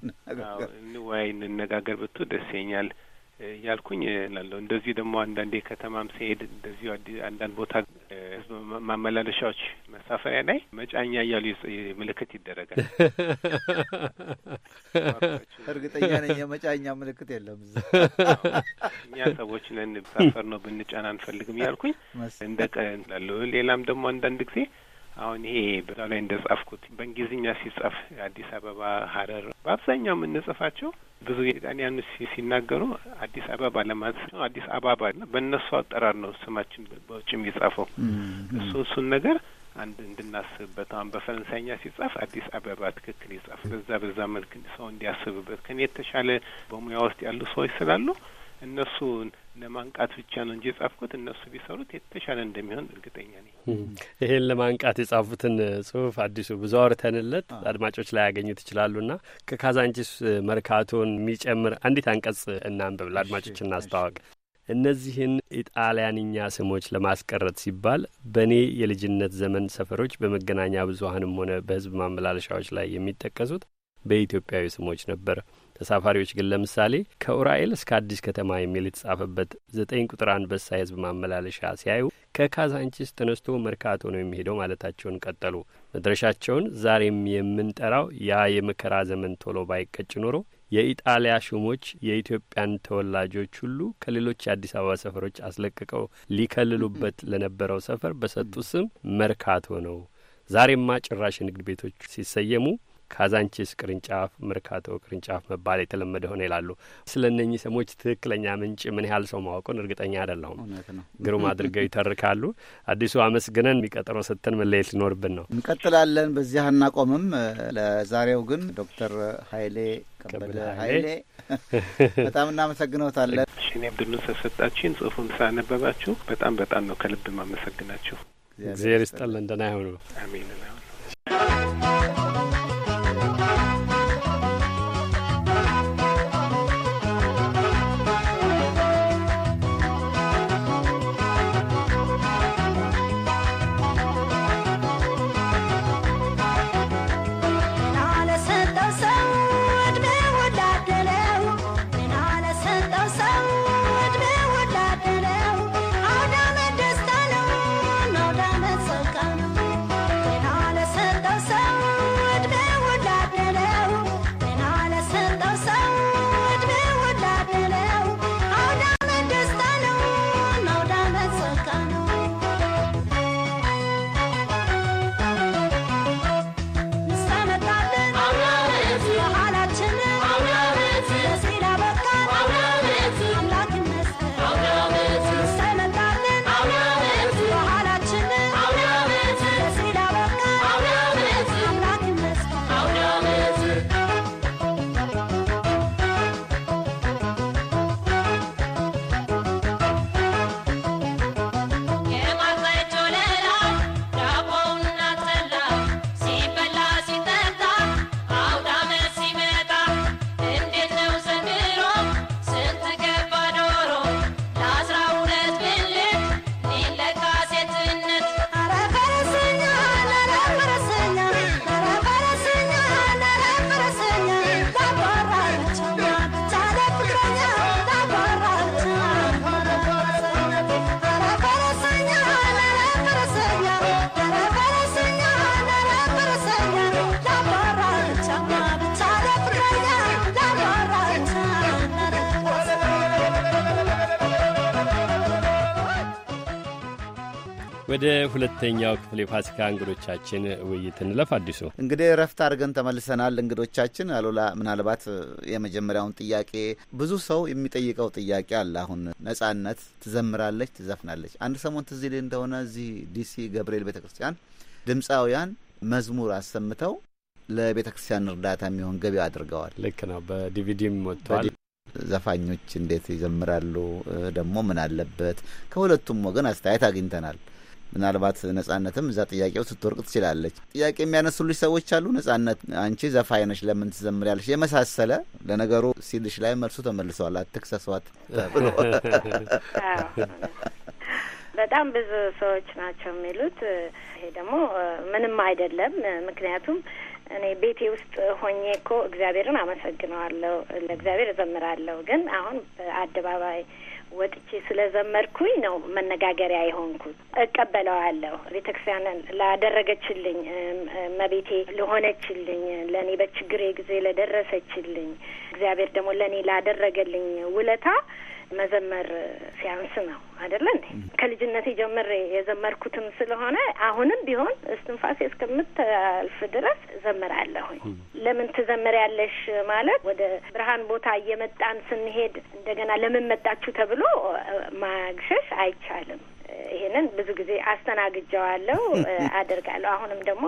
እንወያይ፣ እንነጋገር ብቱ ደስ ይለኛል። ያልኩኝ ላለሁ እንደዚህ ደግሞ አንዳንዴ ከተማም ሲሄድ እንደዚሁ አንዳንድ ቦታ ህዝብ ማመላለሻዎች መሳፈሪያ ላይ መጫኛ እያሉ ምልክት ይደረጋል። እርግጠኛ ነኝ የመጫኛ ምልክት የለም። እኛ ሰዎች ነን ሳፈር ነው ብንጫና አንፈልግም ያልኩኝ እንደቀ ቀን ሌላም ደግሞ አንዳንድ ጊዜ አሁን ይሄ በዛ ላይ እንደ ጻፍኩት በእንግሊዝኛ ሲጻፍ አዲስ አበባ፣ ሀረር በአብዛኛው የምንጽፋቸው ብዙ ኢጣሊያኖች ሲናገሩ አዲስ አበባ ለማለት አዲስ አባባ በእነሱ አጠራር ነው ስማችን በውጭ የሚጻፈው። እሱ እሱን ነገር አንድ እንድናስብበት አሁን በፈረንሳይኛ ሲጻፍ አዲስ አበባ ትክክል ይጻፍ። በዛ በዛ መልክ ሰው እንዲያስብበት ከኔ የተሻለ በሙያ ውስጥ ያሉ ሰዎች ስላሉ እነሱን ለማንቃት ብቻ ነው እንጂ የጻፍኩት እነሱ ቢሰሩት የተሻለ እንደሚሆን እርግጠኛ ነኝ። ይሄን ለማንቃት የጻፉትን ጽሁፍ አዲሱ ብዙ አውርተንለት አድማጮች ላይ ያገኙ ና ከካዛንቺስ መርካቶን የሚጨምር አንዲት አንቀጽ እናንብብ፣ ለአድማጮች እናስተዋወቅ። እነዚህን ኢጣሊያንኛ ስሞች ለማስቀረት ሲባል በእኔ የልጅነት ዘመን ሰፈሮች በመገናኛ ብዙሀንም ሆነ በህዝብ ማመላለሻዎች ላይ የሚጠቀሱት በኢትዮጵያዊ ስሞች ነበር። ተሳፋሪዎች ግን ለምሳሌ ከኡራኤል እስከ አዲስ ከተማ የሚል የተጻፈበት ዘጠኝ ቁጥር አንበሳ የህዝብ ማመላለሻ ሲያዩ ከካዛንቺስ ተነስቶ መርካቶ ነው የሚሄደው ማለታቸውን ቀጠሉ። መድረሻቸውን ዛሬም የምንጠራው ያ የመከራ ዘመን ቶሎ ባይቀጭ ኖሮ የኢጣሊያ ሹሞች የኢትዮጵያን ተወላጆች ሁሉ ከሌሎች የአዲስ አበባ ሰፈሮች አስለቅቀው ሊከልሉበት ለነበረው ሰፈር በሰጡ ስም መርካቶ ነው። ዛሬማ ጭራሽ ንግድ ቤቶች ሲሰየሙ ካዛንቺስ ቅርንጫፍ፣ መርካቶ ቅርንጫፍ መባል የተለመደ ሆነ ይላሉ። ስለ እነኚህ ስሞች ትክክለኛ ምንጭ ምን ያህል ሰው ማወቁን እርግጠኛ አይደለሁም። ግሩም አድርገው ይተርካሉ። አዲሱ አመስግነን የሚቀጥረው ስትን መለየት ሊኖርብን ነው። እንቀጥላለን። በዚህ አናቆምም። ለዛሬው ግን ዶክተር ሀይሌ ቀበለ ሀይሌ በጣም እናመሰግነውታለን። ሽኔ ብድሉን ስለሰጣችን ጽሁፉን ስላነበባችሁ በጣም በጣም ነው ከልብ ማመሰግናችሁ። እግዚአብሔር ይስጠልን። ደህና ይሁኑ። አሜን። ወደ ሁለተኛው ክፍል የፋሲካ እንግዶቻችን ውይይት እንለፍ። አዲሱ እንግዲህ እረፍት አድርገን ተመልሰናል። እንግዶቻችን አሉላ፣ ምናልባት የመጀመሪያውን ጥያቄ ብዙ ሰው የሚጠይቀው ጥያቄ አለ። አሁን ነጻነት ትዘምራለች፣ ትዘፍናለች። አንድ ሰሞን ትዝ ይልህ እንደሆነ እዚህ ዲሲ ገብርኤል ቤተ ክርስቲያን ድምፃውያን መዝሙር አሰምተው ለቤተ ክርስቲያን እርዳታ የሚሆን ገቢ አድርገዋል። ልክ ነው። በዲቪዲም ወጥቷል። ዘፋኞች እንዴት ይዘምራሉ ደግሞ ምን አለበት? ከሁለቱም ወገን አስተያየት አግኝተናል። ምናልባት ነጻነትም እዛ ጥያቄው ስትወርቅ ትችላለች። ጥያቄ የሚያነሱልሽ ሰዎች አሉ። ነጻነት አንቺ ዘፋኝ ነሽ ለምን ትዘምሪያለሽ? የመሳሰለ ለነገሩ ሲልሽ ላይ መልሱ ተመልሰዋል። አትክሰሷት። በጣም ብዙ ሰዎች ናቸው የሚሉት። ይሄ ደግሞ ምንም አይደለም። ምክንያቱም እኔ ቤቴ ውስጥ ሆኜ እኮ እግዚአብሔርን አመሰግነዋለሁ፣ ለእግዚአብሔር እዘምራለሁ። ግን አሁን በአደባባይ ወጥቼ ስለዘመርኩኝ ነው መነጋገሪያ የሆንኩት። እቀበለዋለሁ። ቤተ ክርስቲያንን ላደረገችልኝ መቤቴ ለሆነችልኝ፣ ለእኔ በችግሬ ጊዜ ለደረሰችልኝ፣ እግዚአብሔር ደግሞ ለእኔ ላደረገልኝ ውለታ መዘመር ሲያንስ ነው አይደለ እንዴ? ከልጅነቴ ጀምሬ የዘመርኩትም ስለሆነ አሁንም ቢሆን እስትንፋሴ እስከምታልፍ ድረስ ዘምራለሁኝ። ለምን ትዘምሪያለሽ ማለት ወደ ብርሃን ቦታ እየመጣን ስንሄድ እንደገና ለምን መጣችሁ ተብሎ ማግሸሽ አይቻልም። ይሄንን ብዙ ጊዜ አስተናግጀዋለሁ፣ አደርጋለሁ። አሁንም ደግሞ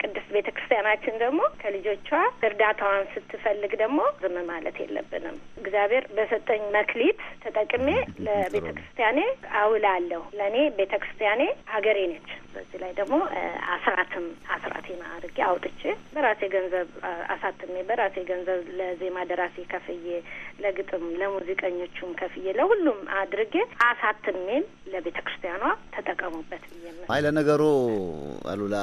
ቅድስት ቤተ ክርስቲያናችን ደግሞ ከልጆቿ እርዳታዋን ስትፈልግ ደግሞ ዝም ማለት የለብንም። እግዚአብሔር በሰጠኝ መክሊት ተጠቅሜ ለቤተ ክርስቲያኔ አውላለሁ። ለእኔ ቤተ ክርስቲያኔ ሀገሬ ነች። በዚህ ላይ ደግሞ አስራትም አስራቴ አድርጌ አውጥቼ በራሴ ገንዘብ አሳትሜ በራሴ ገንዘብ ለዜማ ደራሲ ከፍዬ ለግጥም ለሙዚቀኞቹም ከፍዬ ለሁሉም አድርጌ አሳትሜም ለቤተ ክርስቲያኗ ተጠቀሙበት ብዬ አይ ለነገሩ አሉላ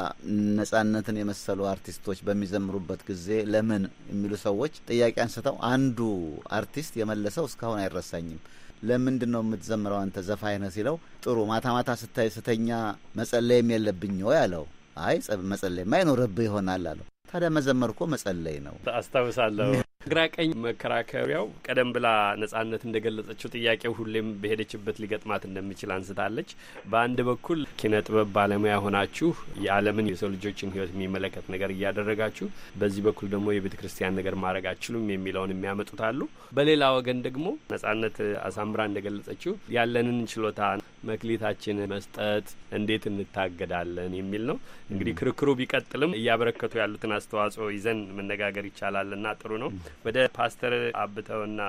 ነጻነትን የመሰሉ አርቲስቶች በሚዘምሩበት ጊዜ ለምን የሚሉ ሰዎች ጥያቄ አንስተው አንዱ አርቲስት የመለሰው እስካሁን አይረሳኝም ለምንድን ነው የምትዘምረው አንተ ዘፋኝ ነህ ሲለው ጥሩ ማታ ማታ ስታይ ስተኛ መጸለይም የለብኝ ወይ አለው አይ መጸለይማ አይኖርብህ ይሆናል አለው ታዲያ መዘመር እኮ መጸለይ ነው አስታውሳለሁ ግራቀኝ መከራከሪያው ቀደም ብላ ነጻነት እንደገለጸችው ጥያቄው ሁሌም በሄደችበት ሊገጥማት እንደሚችል አንስታለች። በአንድ በኩል ኪነ ጥበብ ባለሙያ ሆናችሁ የዓለምን የሰው ልጆችን ሕይወት የሚመለከት ነገር እያደረጋችሁ፣ በዚህ በኩል ደግሞ የቤተ ክርስቲያን ነገር ማድረግ አችሉም የሚለውን የሚያመጡት አሉ። በሌላ ወገን ደግሞ ነጻነት አሳምራ እንደገለጸችው ያለንን ችሎታ መክሊታችን መስጠት እንዴት እንታገዳለን የሚል ነው። እንግዲህ ክርክሩ ቢቀጥልም እያበረከቱ ያሉትን አስተዋጽኦ ይዘን መነጋገር ይቻላልና ጥሩ ነው። ወደ ፓስተር አብተውና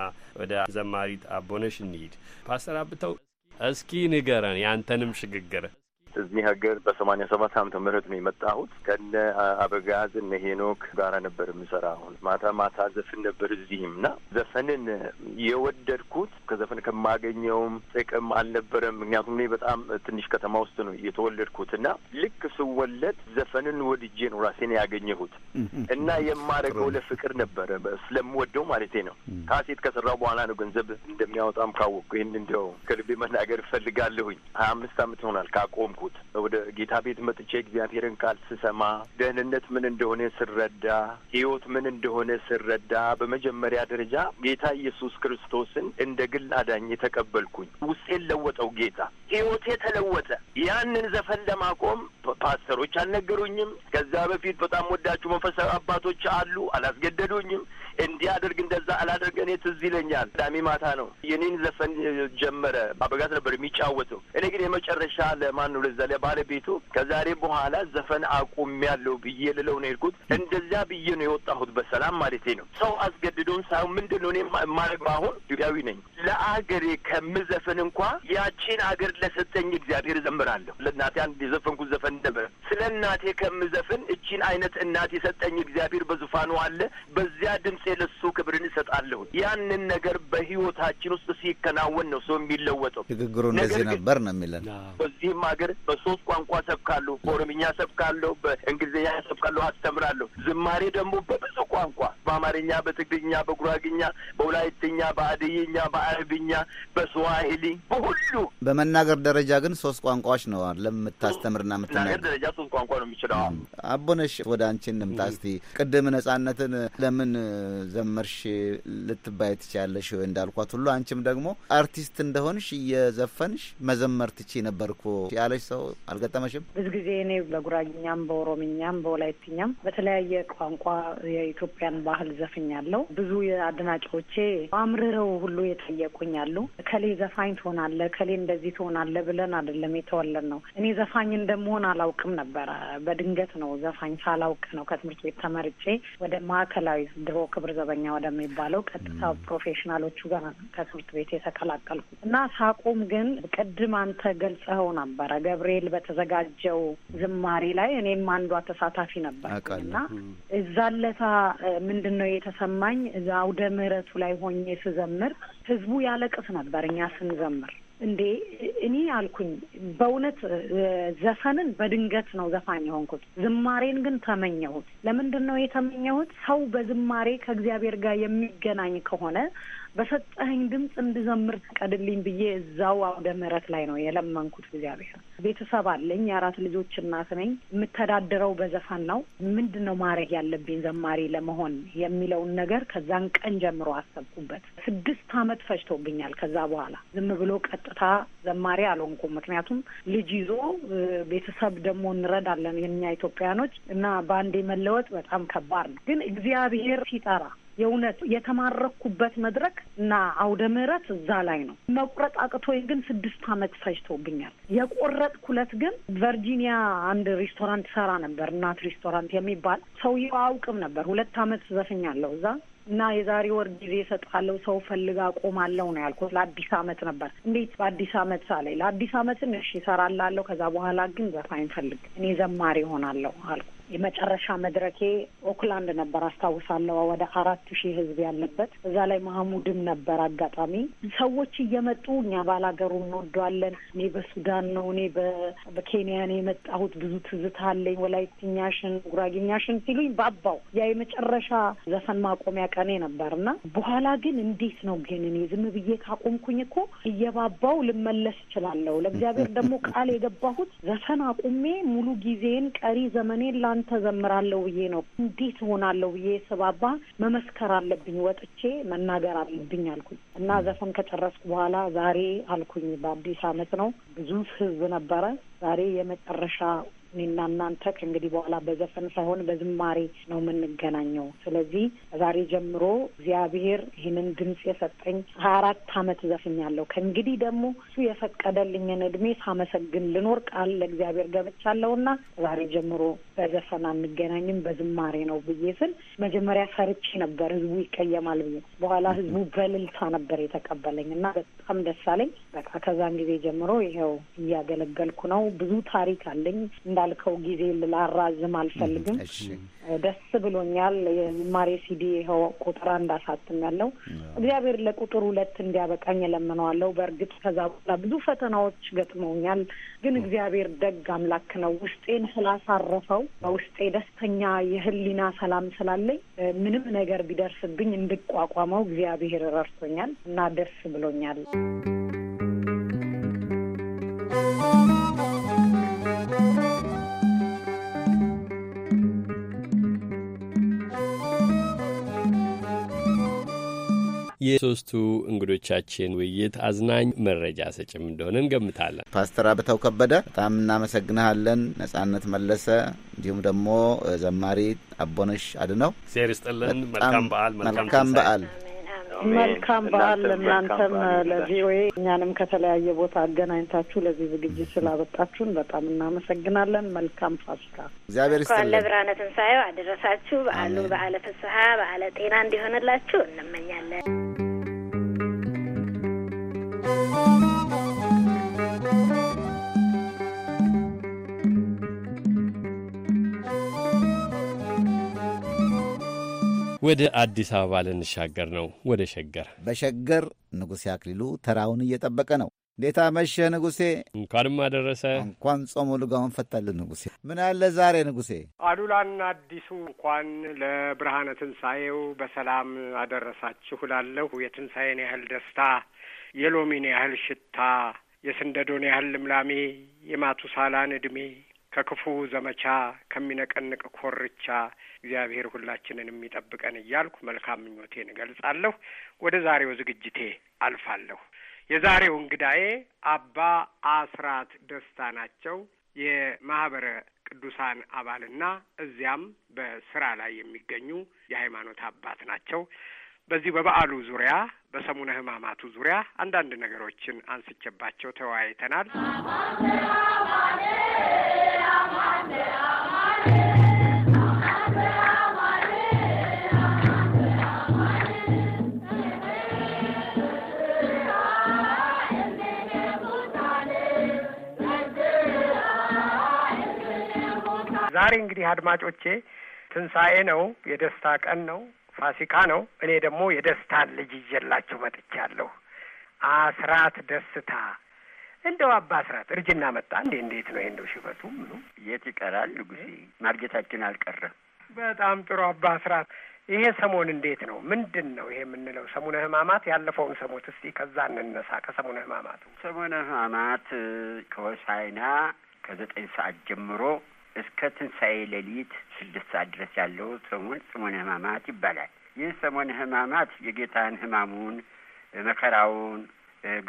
ወደ ዘማሪት አቦነሽ እንሂድ። ፓስተር አብተው እስኪ ንገረን ያንተንም ሽግግር እዚህ ሀገር በሰማኒያ ሰባት አመተ ምህረት ነው የመጣሁት። ከነ አበጋዝ እነ ሄኖክ ጋራ ነበር የምሰራ። አሁን ማታ ማታ ዘፍን ነበር እዚህም እና ዘፈንን የወደድኩት ከዘፈን ከማገኘውም ጥቅም አልነበረም። ምክንያቱም እኔ በጣም ትንሽ ከተማ ውስጥ ነው የተወለድኩት እና ልክ ስወለድ ዘፈንን ወድጄ ነው ራሴን ያገኘሁት እና የማደርገው ለፍቅር ነበረ ስለምወደው ማለቴ ነው። ካሴት ከሰራው በኋላ ነው ገንዘብ እንደሚያወጣም ካወቅኩ። ይህን እንዲያው ከልቤ መናገር እፈልጋለሁኝ። ሀያ አምስት አመት ይሆናል ካቆም ያደግኩት። ወደ ጌታ ቤት መጥቼ እግዚአብሔርን ቃል ስሰማ፣ ደህንነት ምን እንደሆነ ስረዳ፣ ህይወት ምን እንደሆነ ስረዳ፣ በመጀመሪያ ደረጃ ጌታ ኢየሱስ ክርስቶስን እንደ ግል አዳኝ ተቀበልኩኝ። ውስጤን ለወጠው ጌታ፣ ህይወቴ ተለወጠ። ያንን ዘፈን ለማቆም ፓስተሮች አልነገሩኝም። ከዛ በፊት በጣም ወዳችሁ መንፈሳዊ አባቶች አሉ፣ አላስገደዱኝም። እንዲህ አድርግ እንደዛ አላደርገ። እኔ ትዝ ይለኛል ቅዳሜ ማታ ነው የኔን ዘፈን ጀመረ። አበጋዝ ነበር የሚጫወተው። እኔ ግን የመጨረሻ ለማን ነው በዛ ለባለቤቱ ከዛሬ በኋላ ዘፈን አቁም ያለው ብዬ ልለው ነው የሄድኩት። እንደዚያ ብዬ ነው የወጣሁት በሰላም ማለት ነው። ሰው አስገድዶን ሳይሆን ምንድን ነው እኔ የማደርገው አሁን ኢትዮጵያዊ ነኝ። ለአገሬ ከምዘፍን እንኳ ያቺን አገር ለሰጠኝ እግዚአብሔር እዘምራለሁ። ለእናቴ አንድ የዘፈንኩት ዘፈን ነበር። ስለ እናቴ ከምዘፍን እቺን አይነት እናት የሰጠኝ እግዚአብሔር በዙፋኑ አለ። በዚያ ድምፅ ለሱ ክብርን እሰጣለሁ። ያንን ነገር በህይወታችን ውስጥ ሲከናወን ነው ሰው የሚለወጠው። ንግግሩ እንደዚህ ነበር ነው የሚለን። በዚህም አገር በሶስት ቋንቋ ሰብካለሁ። በኦሮምኛ ሰብካለሁ፣ በእንግሊዝኛ ሰብካለሁ፣ አስተምራለሁ። ዝማሬ ደግሞ በብዙ ቋንቋ በአማርኛ፣ በትግርኛ፣ በጉራግኛ፣ በውላይትኛ፣ በአድይኛ፣ በአረብኛ፣ በስዋሂሊ በሁሉ በመናገር ደረጃ ግን ሶስት ቋንቋዎች ነው አለም የምታስተምርና የምትናገር ደረጃ ሶስት ቋንቋ ነው የሚችለው። አቦነሽ ወደ አንቺ እንምጣ እስቲ። ቅድም ነጻነትን ለምን ዘመርሽ ልትባይ ትችያለሽ ወይ እንዳልኳት ሁሉ አንቺም ደግሞ አርቲስት እንደሆንሽ እየዘፈንሽ መዘመር ትቺ ነበርኩ ያለሽ ሰው አልገጠመሽም? ብዙ ጊዜ እኔ በጉራግኛም በኦሮምኛም በወላይትኛም በተለያየ ቋንቋ የኢትዮጵያን ባህል ዘፍኛለሁ። ብዙ አድናቂዎቼ አምርረው ሁሉ የጠየቁኝ ከሌ ዘፋኝ ትሆናለ፣ ከሌ እንደዚህ ትሆናለ ብለን አይደለም የተወለን ነው። እኔ ዘፋኝ እንደመሆን አላውቅም ነበረ። በድንገት ነው ዘፋኝ ሳላውቅ ነው ከትምህርት ቤት ተመርጬ ወደ ማዕከላዊ ድሮ ክብር ዘበኛ ወደሚባለው ቀጥታ ፕሮፌሽናሎቹ ጋር ከትምህርት ቤት የተቀላቀልኩ እና ሳቆም ግን ቅድም አንተ ገልጸኸው ነበረ ገብርኤል በተዘጋጀው ዝማሬ ላይ እኔም አንዷ ተሳታፊ ነበርኩ እና እዛለታ ምንድን ነው የተሰማኝ አውደ ምሕረቱ ላይ ሆኜ ስዘምር ህዝቡ ያለቅስ ነበር እኛ ስንዘምር እንዴ እኔ አልኩኝ በእውነት ዘፈንን በድንገት ነው ዘፋኝ የሆንኩት። ዝማሬን ግን ተመኘሁት። ለምንድን ነው የተመኘሁት? ሰው በዝማሬ ከእግዚአብሔር ጋር የሚገናኝ ከሆነ በሰጠኸኝ ድምፅ እንድዘምር ፍቀድልኝ ብዬ እዛው አውደ ምሕረት ላይ ነው የለመንኩት እግዚአብሔር። ቤተሰብ አለኝ፣ የአራት ልጆች እናት ነኝ። የምተዳደረው በዘፈን ነው። ምንድን ነው ማድረግ ያለብኝ ዘማሪ ለመሆን የሚለውን ነገር ከዛን ቀን ጀምሮ አሰብኩበት። ስድስት አመት ፈጅቶብኛል። ከዛ በኋላ ዝም ብሎ ቀጥታ ዘማሪ አልሆንኩም። ምክንያቱም ልጅ ይዞ ቤተሰብ ደግሞ እንረዳለን የኛ ኢትዮጵያኖች እና በአንዴ መለወጥ በጣም ከባድ ነው። ግን እግዚአብሔር ሲጠራ የእውነት የተማረኩበት መድረክ እና አውደ ምህረት እዛ ላይ ነው። መቁረጥ አቅቶኝ ግን ስድስት ዓመት ፈጅቶብኛል። የቆረጥኩለት ግን ቨርጂኒያ አንድ ሬስቶራንት ሰራ ነበር፣ እናት ሬስቶራንት የሚባል ሰውየው አውቅም ነበር። ሁለት ዓመት ዘፍኛለሁ እዛ እና የዛሬ ወር ጊዜ እሰጥሃለሁ ሰው ፈልጋ ቆማለሁ ነው ያልኩት። ለአዲስ አመት ነበር። እንዴት በአዲስ አመት ሳላይ ለአዲስ አመትን እሺ እሰራላለሁ፣ ከዛ በኋላ ግን ዘፋኝ ፈልግ እኔ ዘማሪ ሆናለሁ አልኩ። የመጨረሻ መድረኬ ኦክላንድ ነበር አስታውሳለሁ። ወደ አራት ሺህ ህዝብ ያለበት እዛ ላይ መሀሙድም ነበር። አጋጣሚ ሰዎች እየመጡ እኛ ባላገሩ እንወደዋለን፣ እኔ በሱዳን ነው እኔ በኬንያ ነው የመጣሁት፣ ብዙ ትዝታ አለኝ፣ ወላይትኛሽን፣ ጉራጌኛሽን ሲሉኝ ባባው ያ የመጨረሻ ዘፈን ማቆሚያ ቀኔ ነበር እና በኋላ ግን እንዴት ነው ግን እኔ ዝም ብዬ ካቆምኩኝ እኮ እየባባው ልመለስ እችላለሁ። ለእግዚአብሔር ደግሞ ቃል የገባሁት ዘፈን አቁሜ ሙሉ ጊዜን ቀሪ ዘመኔን ለምን ተዘምራለሁ ብዬ ነው እንዴት ሆናለው ብዬ ስባባ መመስከር አለብኝ፣ ወጥቼ መናገር አለብኝ አልኩኝ እና ዘፈን ከጨረስኩ በኋላ ዛሬ አልኩኝ በአዲስ አመት ነው ብዙ ህዝብ ነበረ። ዛሬ የመጨረሻ እኔና እናንተ ከእንግዲህ በኋላ በዘፈን ሳይሆን በዝማሬ ነው የምንገናኘው። ስለዚህ ዛሬ ጀምሮ እግዚአብሔር ይህንን ድምፅ የሰጠኝ ሀያ አራት አመት ዘፍኛለሁ። ከእንግዲህ ደግሞ እሱ የፈቀደልኝን እድሜ ሳመሰግን ልኖር ቃል ለእግዚአብሔር ገብቻለሁና ዛሬ ጀምሮ በዘፈን አንገናኝም በዝማሬ ነው ብዬ ስል መጀመሪያ ፈርቼ ነበር፣ ህዝቡ ይቀየማል ብዬ። በኋላ ህዝቡ በልልታ ነበር የተቀበለኝ እና በጣም ደስ አለኝ። በቃ ከዛን ጊዜ ጀምሮ ይኸው እያገለገልኩ ነው። ብዙ ታሪክ አለኝ እንደ እንዳልከው ጊዜ ላራዝም አልፈልግም። ደስ ብሎኛል። የማሬ ሲዲ ይኸው ቁጥር አንድ አሳትም ያለው እግዚአብሔር ለቁጥር ሁለት እንዲያበቃኝ እለምነዋለሁ። በእርግጥ ከዛ በኋላ ብዙ ፈተናዎች ገጥመውኛል፣ ግን እግዚአብሔር ደግ አምላክ ነው። ውስጤን ስላሳረፈው በውስጤ ደስተኛ የህሊና ሰላም ስላለኝ ምንም ነገር ቢደርስብኝ እንድቋቋመው እግዚአብሔር ረድቶኛል እና ደስ ብሎኛል። የሶስቱ እንግዶቻችን ውይይት አዝናኝ መረጃ ሰጭም እንደሆነ እንገምታለን። ፓስተር አብተው ከበደ በጣም እናመሰግንሃለን። ነጻነት መለሰ፣ እንዲሁም ደግሞ ዘማሪ አቦነሽ አድነው ሴር ስጥልን። መልካም በዓል መልካም በዓል መልካም በዓል ለእናንተም ለቪኦኤ እኛንም ከተለያየ ቦታ አገናኝታችሁ ለዚህ ዝግጅት ስላበጣችሁን በጣም እናመሰግናለን። መልካም ፋሲካ። እግዚአብሔር ይስጥልን። ለብርሃነ ትንሣኤው አደረሳችሁ። በዓሉ በዓለ ፍስሀ በዓለ ጤና እንዲሆንላችሁ እንመኛለን። ወደ አዲስ አበባ ልንሻገር ነው። ወደ ሸገር በሸገር ንጉሴ አክሊሉ ተራውን እየጠበቀ ነው። እንዴት አመሸህ ንጉሴ? እንኳንም አደረሰ። እንኳን ጾሙ ልጋውን ፈታልን ንጉሴ። ምን አለ ዛሬ ንጉሴ? አሉላና አዲሱ እንኳን ለብርሃነ ትንሣኤው በሰላም አደረሳችሁ እላለሁ። የትንሣኤን ያህል ደስታ የሎሚን ያህል ሽታ፣ የስንደዶን ያህል ልምላሜ፣ የማቱሳላን ዕድሜ ከክፉ ዘመቻ ከሚነቀንቅ ኮርቻ እግዚአብሔር ሁላችንን የሚጠብቀን እያልኩ መልካም ምኞቴን እገልጻለሁ። ወደ ዛሬው ዝግጅቴ አልፋለሁ። የዛሬው እንግዳዬ አባ አስራት ደስታ ናቸው። የማህበረ ቅዱሳን አባልና እዚያም በስራ ላይ የሚገኙ የሃይማኖት አባት ናቸው። በዚህ በበዓሉ ዙሪያ በሰሙነ ሕማማቱ ዙሪያ አንዳንድ ነገሮችን አንስቼባቸው ተወያይተናል። ዛሬ እንግዲህ አድማጮቼ ትንሣኤ ነው፣ የደስታ ቀን ነው። ፋሲካ ነው። እኔ ደግሞ የደስታን ልጅ ይዤላችሁ መጥቻለሁ። አስራት ደስታ እንደው አባ አስራት እርጅና መጣ እንዴ? እንዴት ነው እንደው ሽበቱ ምኑ የት ይቀራል? ንጉሴ ማርጌታችን አልቀረም። በጣም ጥሩ አባ አስራት፣ ይሄ ሰሞን እንዴት ነው? ምንድን ነው ይሄ የምንለው ሰሙነ ሕማማት? ያለፈውን ሰሞት እስቲ ከዛ እንነሳ። ከሰሙነ ሕማማቱ ሰሙነ ሕማማት ከወሳይና ከዘጠኝ ሰዓት ጀምሮ እስከ ትንሣኤ ሌሊት ስድስት ሰዓት ድረስ ያለው ሰሞን ሰሞነ ሕማማት ይባላል። ይህ ሰሞነ ሕማማት የጌታን ሕማሙን፣ መከራውን፣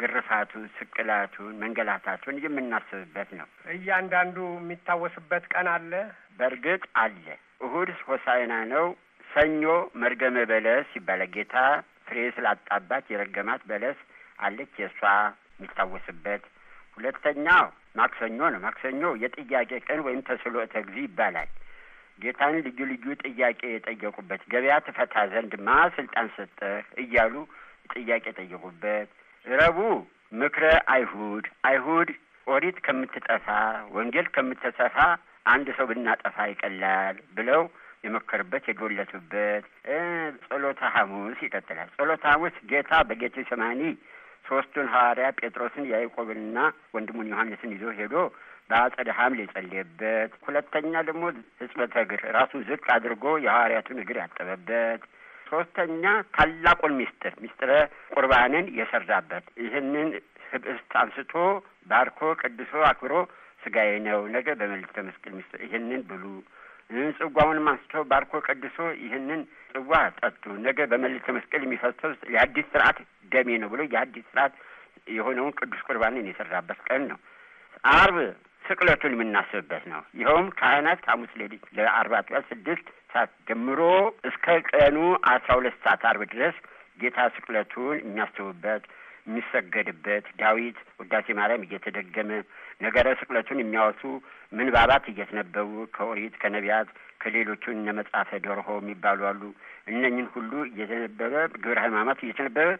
ግርፋቱን፣ ስቅላቱን፣ መንገላታቱን የምናስብበት ነው። እያንዳንዱ የሚታወስበት ቀን አለ። በእርግጥ አለ። እሁድ ሆሳይና ነው። ሰኞ መርገመ በለስ ይባላል። ጌታ ፍሬ ስላጣባት የረገማት በለስ አለች። የእሷ የሚታወስበት ሁለተኛው ማክሰኞ ነው። ማክሰኞ የጥያቄ ቀን ወይም ተስሎተ እግዚእ ይባላል። ጌታን ልዩ ልዩ ጥያቄ የጠየቁበት ገበያ ትፈታ ዘንድ ማ ስልጣን ሰጠህ እያሉ ጥያቄ የጠየቁበት። ረቡ ምክረ አይሁድ አይሁድ ኦሪት ከምትጠፋ ወንጌል ከምትሰፋ አንድ ሰው ብናጠፋ ይቀላል ብለው የመከርበት የዶለቱበት። ጸሎተ ሐሙስ ይቀጥላል። ጸሎተ ሐሙስ ጌታ በጌቴ ሰማኒ ሶስቱን ሐዋርያ ጴጥሮስን ያዕቆብንና ወንድሙን ዮሐንስን ይዞ ሄዶ በአጸደ ሐምል የጸለየበት፣ ሁለተኛ ደግሞ ሕጽበተ እግር ራሱን ዝቅ አድርጎ የሐዋርያቱን እግር ያጠበበት፣ ሶስተኛ ታላቁን ምስጢር ምስጢረ ቁርባንን የሰራበት ይህንን ህብስት አንስቶ ባርኮ ቅዱሶ አክብሮ ስጋዬ ነው ነገ በመልዕልተ መስቀል ምስጢር ይህንን ብሉ ጽዋውንም አንስቶ ባርኮ ቀድሶ ይህንን ጽዋ ጠጡ ነገ በመልዕልተ መስቀል የሚፈሰው የአዲስ ስርዓት ደሜ ነው ብሎ የአዲስ ስርዓት የሆነውን ቅዱስ ቁርባንን የሰራበት ቀን ነው። አርብ ስቅለቱን የምናስብበት ነው። ይኸውም ካህናት ሐሙስ ሌሊት ለአርባቱ ስድስት ሰዓት ጀምሮ እስከ ቀኑ አስራ ሁለት ሰዓት አርብ ድረስ ጌታ ስቅለቱን የሚያስቡበት የሚሰገድበት ዳዊት ውዳሴ ማርያም እየተደገመ ነገረ ስቅለቱን የሚያወሱ ምንባባት እየተነበቡ ከኦሪት ከነቢያት ከሌሎቹን እነ መጽሐፈ ደርሆ የሚባሉ አሉ። እነኝን ሁሉ እየተነበበ ግብረ ሕማማት እየተነበበ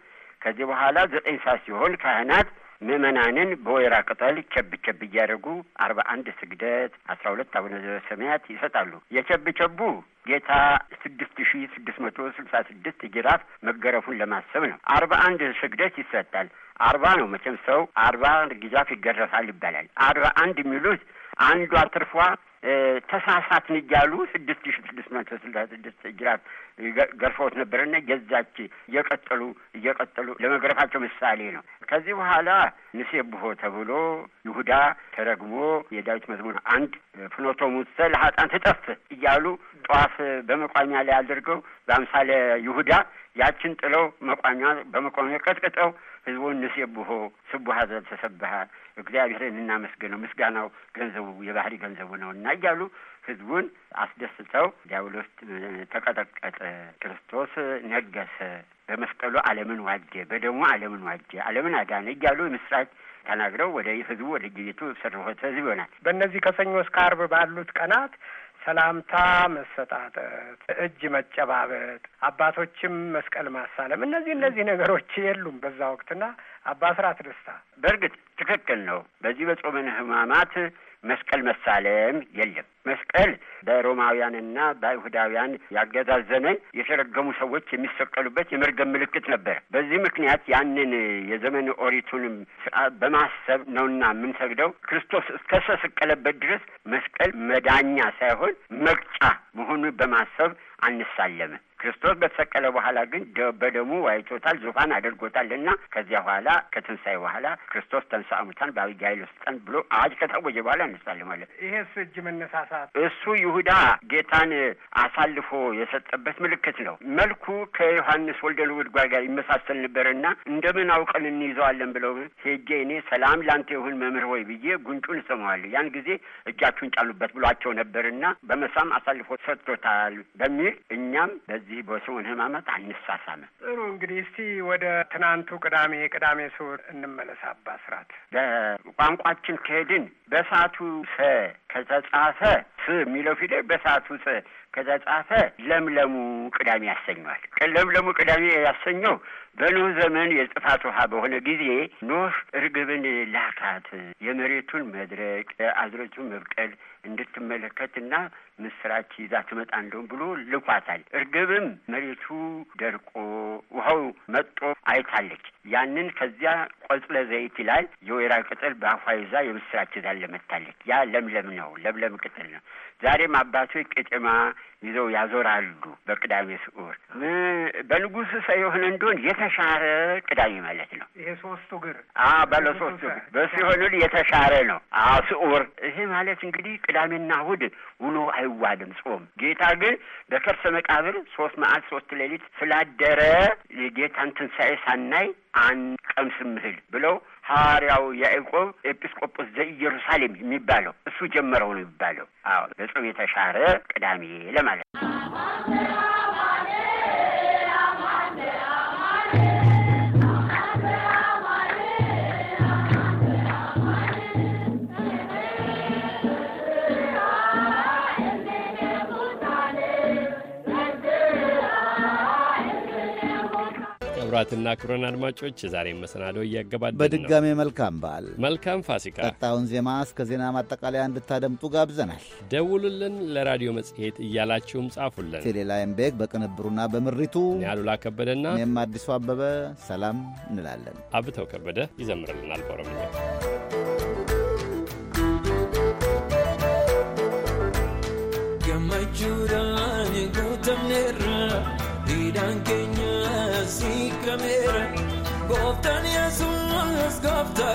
ከዚህ በኋላ ዘጠኝ ሰዓት ሲሆን ካህናት ምእመናንን በወይራ ቅጠል ቸብ ቸብ እያደረጉ አርባ አንድ ስግደት አስራ ሁለት አቡነ ዘበሰማያት ይሰጣሉ። የቸብ ቸቡ ጌታ ስድስት ሺ ስድስት መቶ ስልሳ ስድስት ጅራፍ መገረፉን ለማሰብ ነው። አርባ አንድ ስግደት ይሰጣል። አርባ ነው መቼም ሰው አርባ ጊዛፍ ይገረፋል ይባላል። አርባ አንድ የሚሉት አንዷ ትርፏ ተሳሳትን እያሉ ስድስት ሺ ስድስት መቶ ስልሳ ስድስት ጅራት ገርፎት ነበረና የዛች እየቀጠሉ እየቀጠሉ ለመግረፋቸው ምሳሌ ነው። ከዚህ በኋላ ንሴብሖ ተብሎ ይሁዳ ተረግሞ የዳዊት መዝሙር አንድ ፍኖቶ ሙሰ ለሀጣን ትጠፍ እያሉ ጧፍ በመቋሚያ ላይ አድርገው በአምሳሌ ይሁዳ ያችን ጥለው መቋሚያ በመቋሚያ ቀጥቅጠው ህዝቡን ንሴብሖ ስቡሃ ዘተሰብሐ እግዚአብሔርን እናመስገነው ምስጋናው ገንዘቡ የባህሪ ገንዘቡ ነው እና እያሉ ህዝቡን አስደስተው ዲያብሎስ ተቀጠቀጠ፣ ክርስቶስ ነገሰ፣ በመስቀሉ ዓለምን ዋጀ፣ በደሙ ዓለምን ዋጀ፣ ዓለምን አዳነ እያሉ ምስራች ተናግረው ወደ ህዝቡ ወደ ጌቱ ስርሆተ ህዝብ ይሆናል። በእነዚህ ከሰኞ እስከ አርብ ባሉት ቀናት ሰላምታ መሰጣጠት፣ እጅ መጨባበጥ፣ አባቶችም መስቀል ማሳለም፣ እነዚህ እነዚህ ነገሮች የሉም በዛ ወቅትና አባ ስራት ደስታ በእርግጥ ትክክል ነው። በዚህ በጾመን ህማማት መስቀል መሳለም የለም። መስቀል በሮማውያንና በአይሁዳውያን ያገዛዝ ዘመን የተረገሙ ሰዎች የሚሰቀሉበት የመርገም ምልክት ነበር። በዚህ ምክንያት ያንን የዘመን ኦሪቱንም ስርዓት በማሰብ ነውና የምንሰግደው። ክርስቶስ እስከተሰቀለበት ድረስ መስቀል መዳኛ ሳይሆን መቅጫ መሆኑን በማሰብ አንሳለም። ክርስቶስ በተሰቀለ በኋላ ግን በደሙ ዋይቶታል፣ ዙፋን አድርጎታል እና ከዚያ በኋላ ከትንሣኤ በኋላ ክርስቶስ ተንሥአ እሙታን በዐቢይ ኃይል ስልጣን ብሎ አዋጅ ከታወጀ በኋላ እንሳል ማለት ይሄስ እጅ መነሳሳት እሱ ይሁዳ ጌታን አሳልፎ የሰጠበት ምልክት ነው። መልኩ ከዮሐንስ ወልደ ነጎድጓድ ጋር ይመሳሰል ነበርና እንደምን አውቀን እንይዘዋለን ብለው ሄጄ እኔ ሰላም ላንተ ይሁን መምህር ሆይ ብዬ ጉንጩን ስመዋለሁ። ያን ጊዜ እጃችሁን ጫኑበት ብሏቸው ነበርና በመሳም አሳልፎ ሰጥቶታል በሚል እኛም በዚህ በዚህ በሰውን ህማማት አንሳሳምም። ጥሩ እንግዲህ እስቲ ወደ ትናንቱ ቅዳሜ ቅዳሜ ስዑር እንመለስ። አባ ስራት በቋንቋችን ከሄድን በሳቱ ሰ ከተጻፈ ስ የሚለው ፊደል በሳቱ ሰ ከተጻፈ ለምለሙ ቅዳሜ ያሰኘዋል። ለምለሙ ቅዳሜ ያሰኘው በኖህ ዘመን የጥፋት ውሃ በሆነ ጊዜ ኖህ እርግብን ላካት የመሬቱን መድረቅ አዝረቱን መብቀል እንድትመለከትና ምስራች ይዛ ትመጣ እንደውም ብሎ ልኳታል። እርግብም መሬቱ ደርቆ ውሃው መጦ አይታለች። ያንን ከዚያ ቆጽለ ዘይት ይላል የወይራ ቅጠል በአፏ ይዛ የምስራች ይዛ ለመታለች። ያ ለምለም ነው፣ ለምለም ቅጠል ነው። ዛሬም አባቶች ቅጭማ ይዘው ያዞራሉ በቅዳሜ ስዑር። በንጉሥ ሳይሆን እንደሆን የተሻረ ቅዳሜ ማለት ነው። ይሄ ሶስቱ እግር ባለ ሶስቱ እግር በሱ የተሻረ ነው። አዎ ስዑር። ይሄ ማለት እንግዲህ ቅዳሜና እሑድ ውሎ አይዋልም ጾም። ጌታ ግን በከርሰ መቃብር ሶስት መዓልት ሶስት ሌሊት ስላደረ የጌታን ትንሣኤ ሳናይ አንቀምስም እህል ብለው ሐዋርያው ያዕቆብ ኤጲስቆጶስ ዘኢየሩሳሌም የሚባለው እሱ ጀመረው ነው የሚባለው። አዎ በጽው የተሻረ ቅዳሜ ለማለት ነው። ክቡራትና ክቡራን አድማጮች የዛሬ መሰናዶ እያገባድ በድጋሜ መልካም በዓል፣ መልካም ፋሲካ። ቀጣዩን ዜማ እስከ ዜና ማጠቃለያ እንድታደምጡ ጋብዘናል። ደውሉልን፣ ለራዲዮ መጽሔት እያላችሁም ጻፉልን። ቴሌላይም ቤግ በቅንብሩና በምሪቱ አሉላ ከበደና እኔም አዲሱ አበበ ሰላም እንላለን። አብተው ከበደ ይዘምርልናል በኦሮምኛ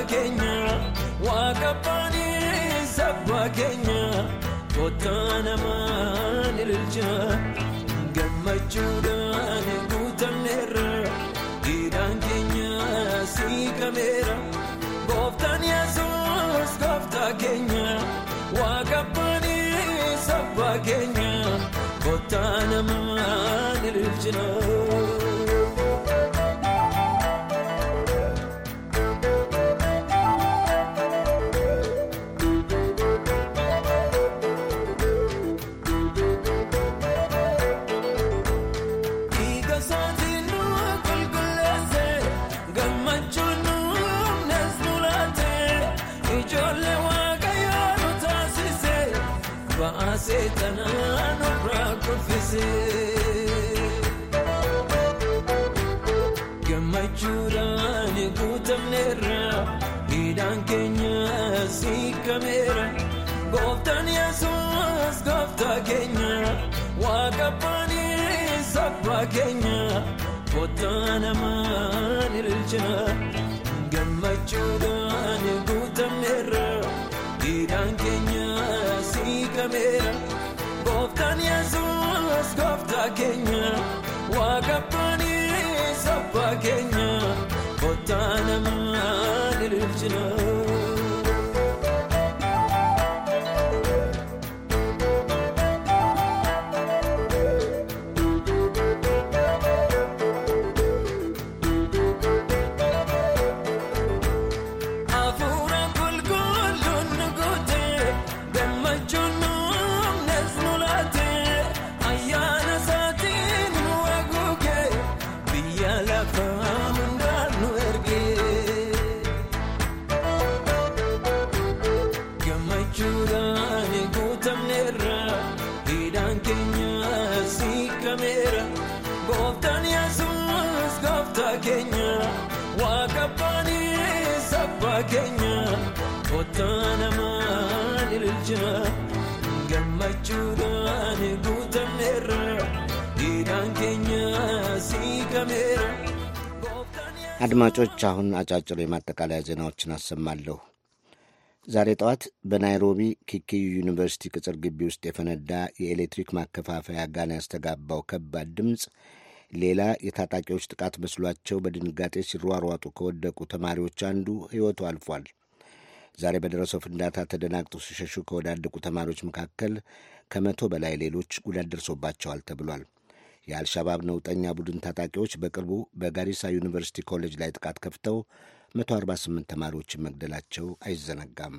keenya waaqa banis abbaa keenya kottaa namaa ililcha gammachuudhaan guutamneerra giidhaan keenya siikameera gooftaan yesuus gooftaa keenya waaqa banis abbaa keenya kottaa namaa ililcha. seetanaa nurraa kolfisee gammachuudhaan guutamneerra hidhaan keenya siikameera gooftaan yesuus gooftaa keenya waaqa baaniis abbaa keenya kottaa namaan ililcha gammachuudhaan guutamneerra hidhaan keenya. argameera gooftaan yesuus gooftaa keenya waaqa abbaanis abbaa keenya kottaa namaa diriirchina. አድማጮች፣ አሁን አጫጭር የማጠቃለያ ዜናዎችን አሰማለሁ። ዛሬ ጠዋት በናይሮቢ ኪኪዩ ዩኒቨርሲቲ ቅጽር ግቢ ውስጥ የፈነዳ የኤሌክትሪክ ማከፋፈያ ጋን ያስተጋባው ከባድ ድምፅ ሌላ የታጣቂዎች ጥቃት መስሏቸው በድንጋጤ ሲሯሯጡ ከወደቁ ተማሪዎች አንዱ ሕይወቱ አልፏል። ዛሬ በደረሰው ፍንዳታ ተደናግጦ ሲሸሹ ከወዳደቁ ተማሪዎች መካከል ከመቶ በላይ ሌሎች ጉዳት ደርሶባቸዋል ተብሏል። የአልሻባብ ነውጠኛ ቡድን ታጣቂዎች በቅርቡ በጋሪሳ ዩኒቨርሲቲ ኮሌጅ ላይ ጥቃት ከፍተው 148 ተማሪዎችን መግደላቸው አይዘነጋም።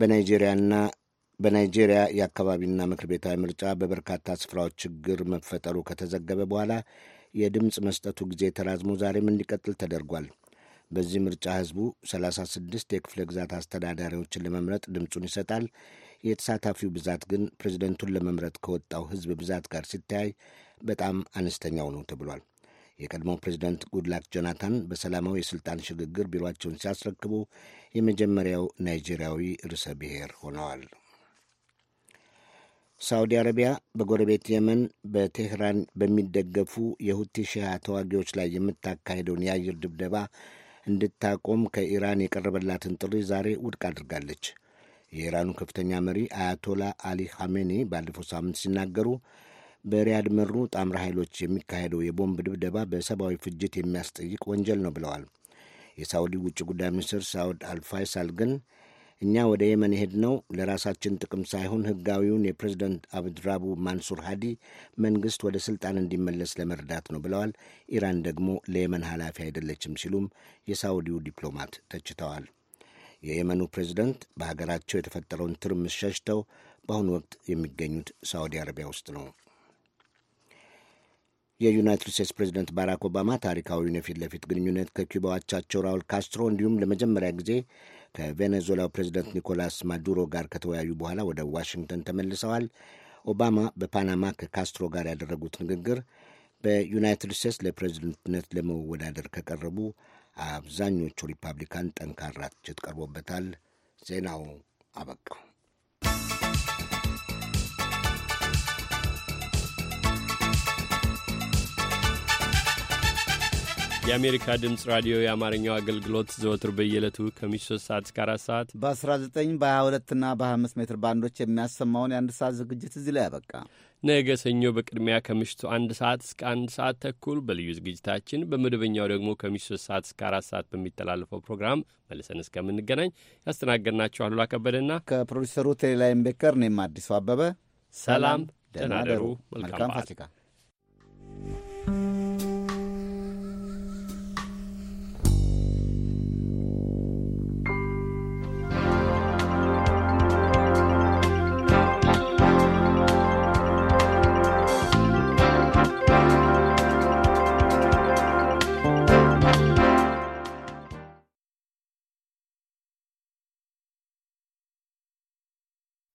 በናይጄሪያና በናይጄሪያ የአካባቢና ምክር ቤታዊ ምርጫ በበርካታ ስፍራዎች ችግር መፈጠሩ ከተዘገበ በኋላ የድምፅ መስጠቱ ጊዜ ተራዝሞ ዛሬም እንዲቀጥል ተደርጓል። በዚህ ምርጫ ህዝቡ 36 የክፍለ ግዛት አስተዳዳሪዎችን ለመምረጥ ድምፁን ይሰጣል። የተሳታፊው ብዛት ግን ፕሬዚደንቱን ለመምረጥ ከወጣው ሕዝብ ብዛት ጋር ሲተያይ በጣም አነስተኛው ነው ተብሏል። የቀድሞው ፕሬዚደንት ጉድላክ ጆናታን በሰላማዊ የሥልጣን ሽግግር ቢሮቸውን ሲያስረክቡ የመጀመሪያው ናይጄሪያዊ ርዕሰ ብሔር ሆነዋል። ሳዑዲ አረቢያ በጎረቤት የመን በቴህራን በሚደገፉ የሁቲ ሺያ ተዋጊዎች ላይ የምታካሄደውን የአየር ድብደባ እንድታቆም ከኢራን የቀረበላትን ጥሪ ዛሬ ውድቅ አድርጋለች። የኢራኑ ከፍተኛ መሪ አያቶላ አሊ ሐሜኒ ባለፈው ሳምንት ሲናገሩ በሪያድ መሩ ጣምራ ኃይሎች የሚካሄደው የቦምብ ድብደባ በሰብአዊ ፍጅት የሚያስጠይቅ ወንጀል ነው ብለዋል። የሳውዲ ውጭ ጉዳይ ሚኒስትር ሳውድ አልፋይሳል ግን እኛ ወደ የመን የሄድነው ለራሳችን ጥቅም ሳይሆን ህጋዊውን የፕሬዝደንት አብድራቡ ማንሱር ሃዲ መንግስት ወደ ስልጣን እንዲመለስ ለመርዳት ነው ብለዋል። ኢራን ደግሞ ለየመን ኃላፊ አይደለችም ሲሉም የሳውዲው ዲፕሎማት ተችተዋል። የየመኑ ፕሬዚደንት በሀገራቸው የተፈጠረውን ትርምስ ሸሽተው በአሁኑ ወቅት የሚገኙት ሳዑዲ አረቢያ ውስጥ ነው። የዩናይትድ ስቴትስ ፕሬዚደንት ባራክ ኦባማ ታሪካዊውን የፊት ለፊት ግንኙነት ከኪውባው አቻቸው ራውል ካስትሮ እንዲሁም ለመጀመሪያ ጊዜ ከቬኔዙዌላው ፕሬዚደንት ኒኮላስ ማዱሮ ጋር ከተወያዩ በኋላ ወደ ዋሽንግተን ተመልሰዋል። ኦባማ በፓናማ ከካስትሮ ጋር ያደረጉት ንግግር በዩናይትድ ስቴትስ ለፕሬዚደንትነት ለመወዳደር ከቀረቡ አብዛኞቹ ሪፐብሊካን ጠንካራ ትችት ቀርቦበታል። ዜናው አበቃው። የአሜሪካ ድምፅ ራዲዮ የአማርኛው አገልግሎት ዘወትር በየዕለቱ ከምሽቱ 3 ሰዓት እስከ 4 ሰዓት በ19 በ22 እና በ25 ሜትር ባንዶች የሚያሰማውን የአንድ ሰዓት ዝግጅት እዚህ ላይ አበቃ። ነገ ሰኞ በቅድሚያ ከምሽቱ አንድ ሰዓት እስከ አንድ ሰዓት ተኩል በልዩ ዝግጅታችን በመደበኛው ደግሞ ከምሽቱ ሶስት ሰዓት እስከ አራት ሰዓት በሚተላለፈው ፕሮግራም መልሰን እስከምንገናኝ ያስተናገድናችሁ አሉላ ከበደና ከፕሮዲሰሩ ቴሌላይም ቤከር እኔም አዲሱ አበበ ሰላም፣ ደህና ደሩ። መልካም ፋሲካ።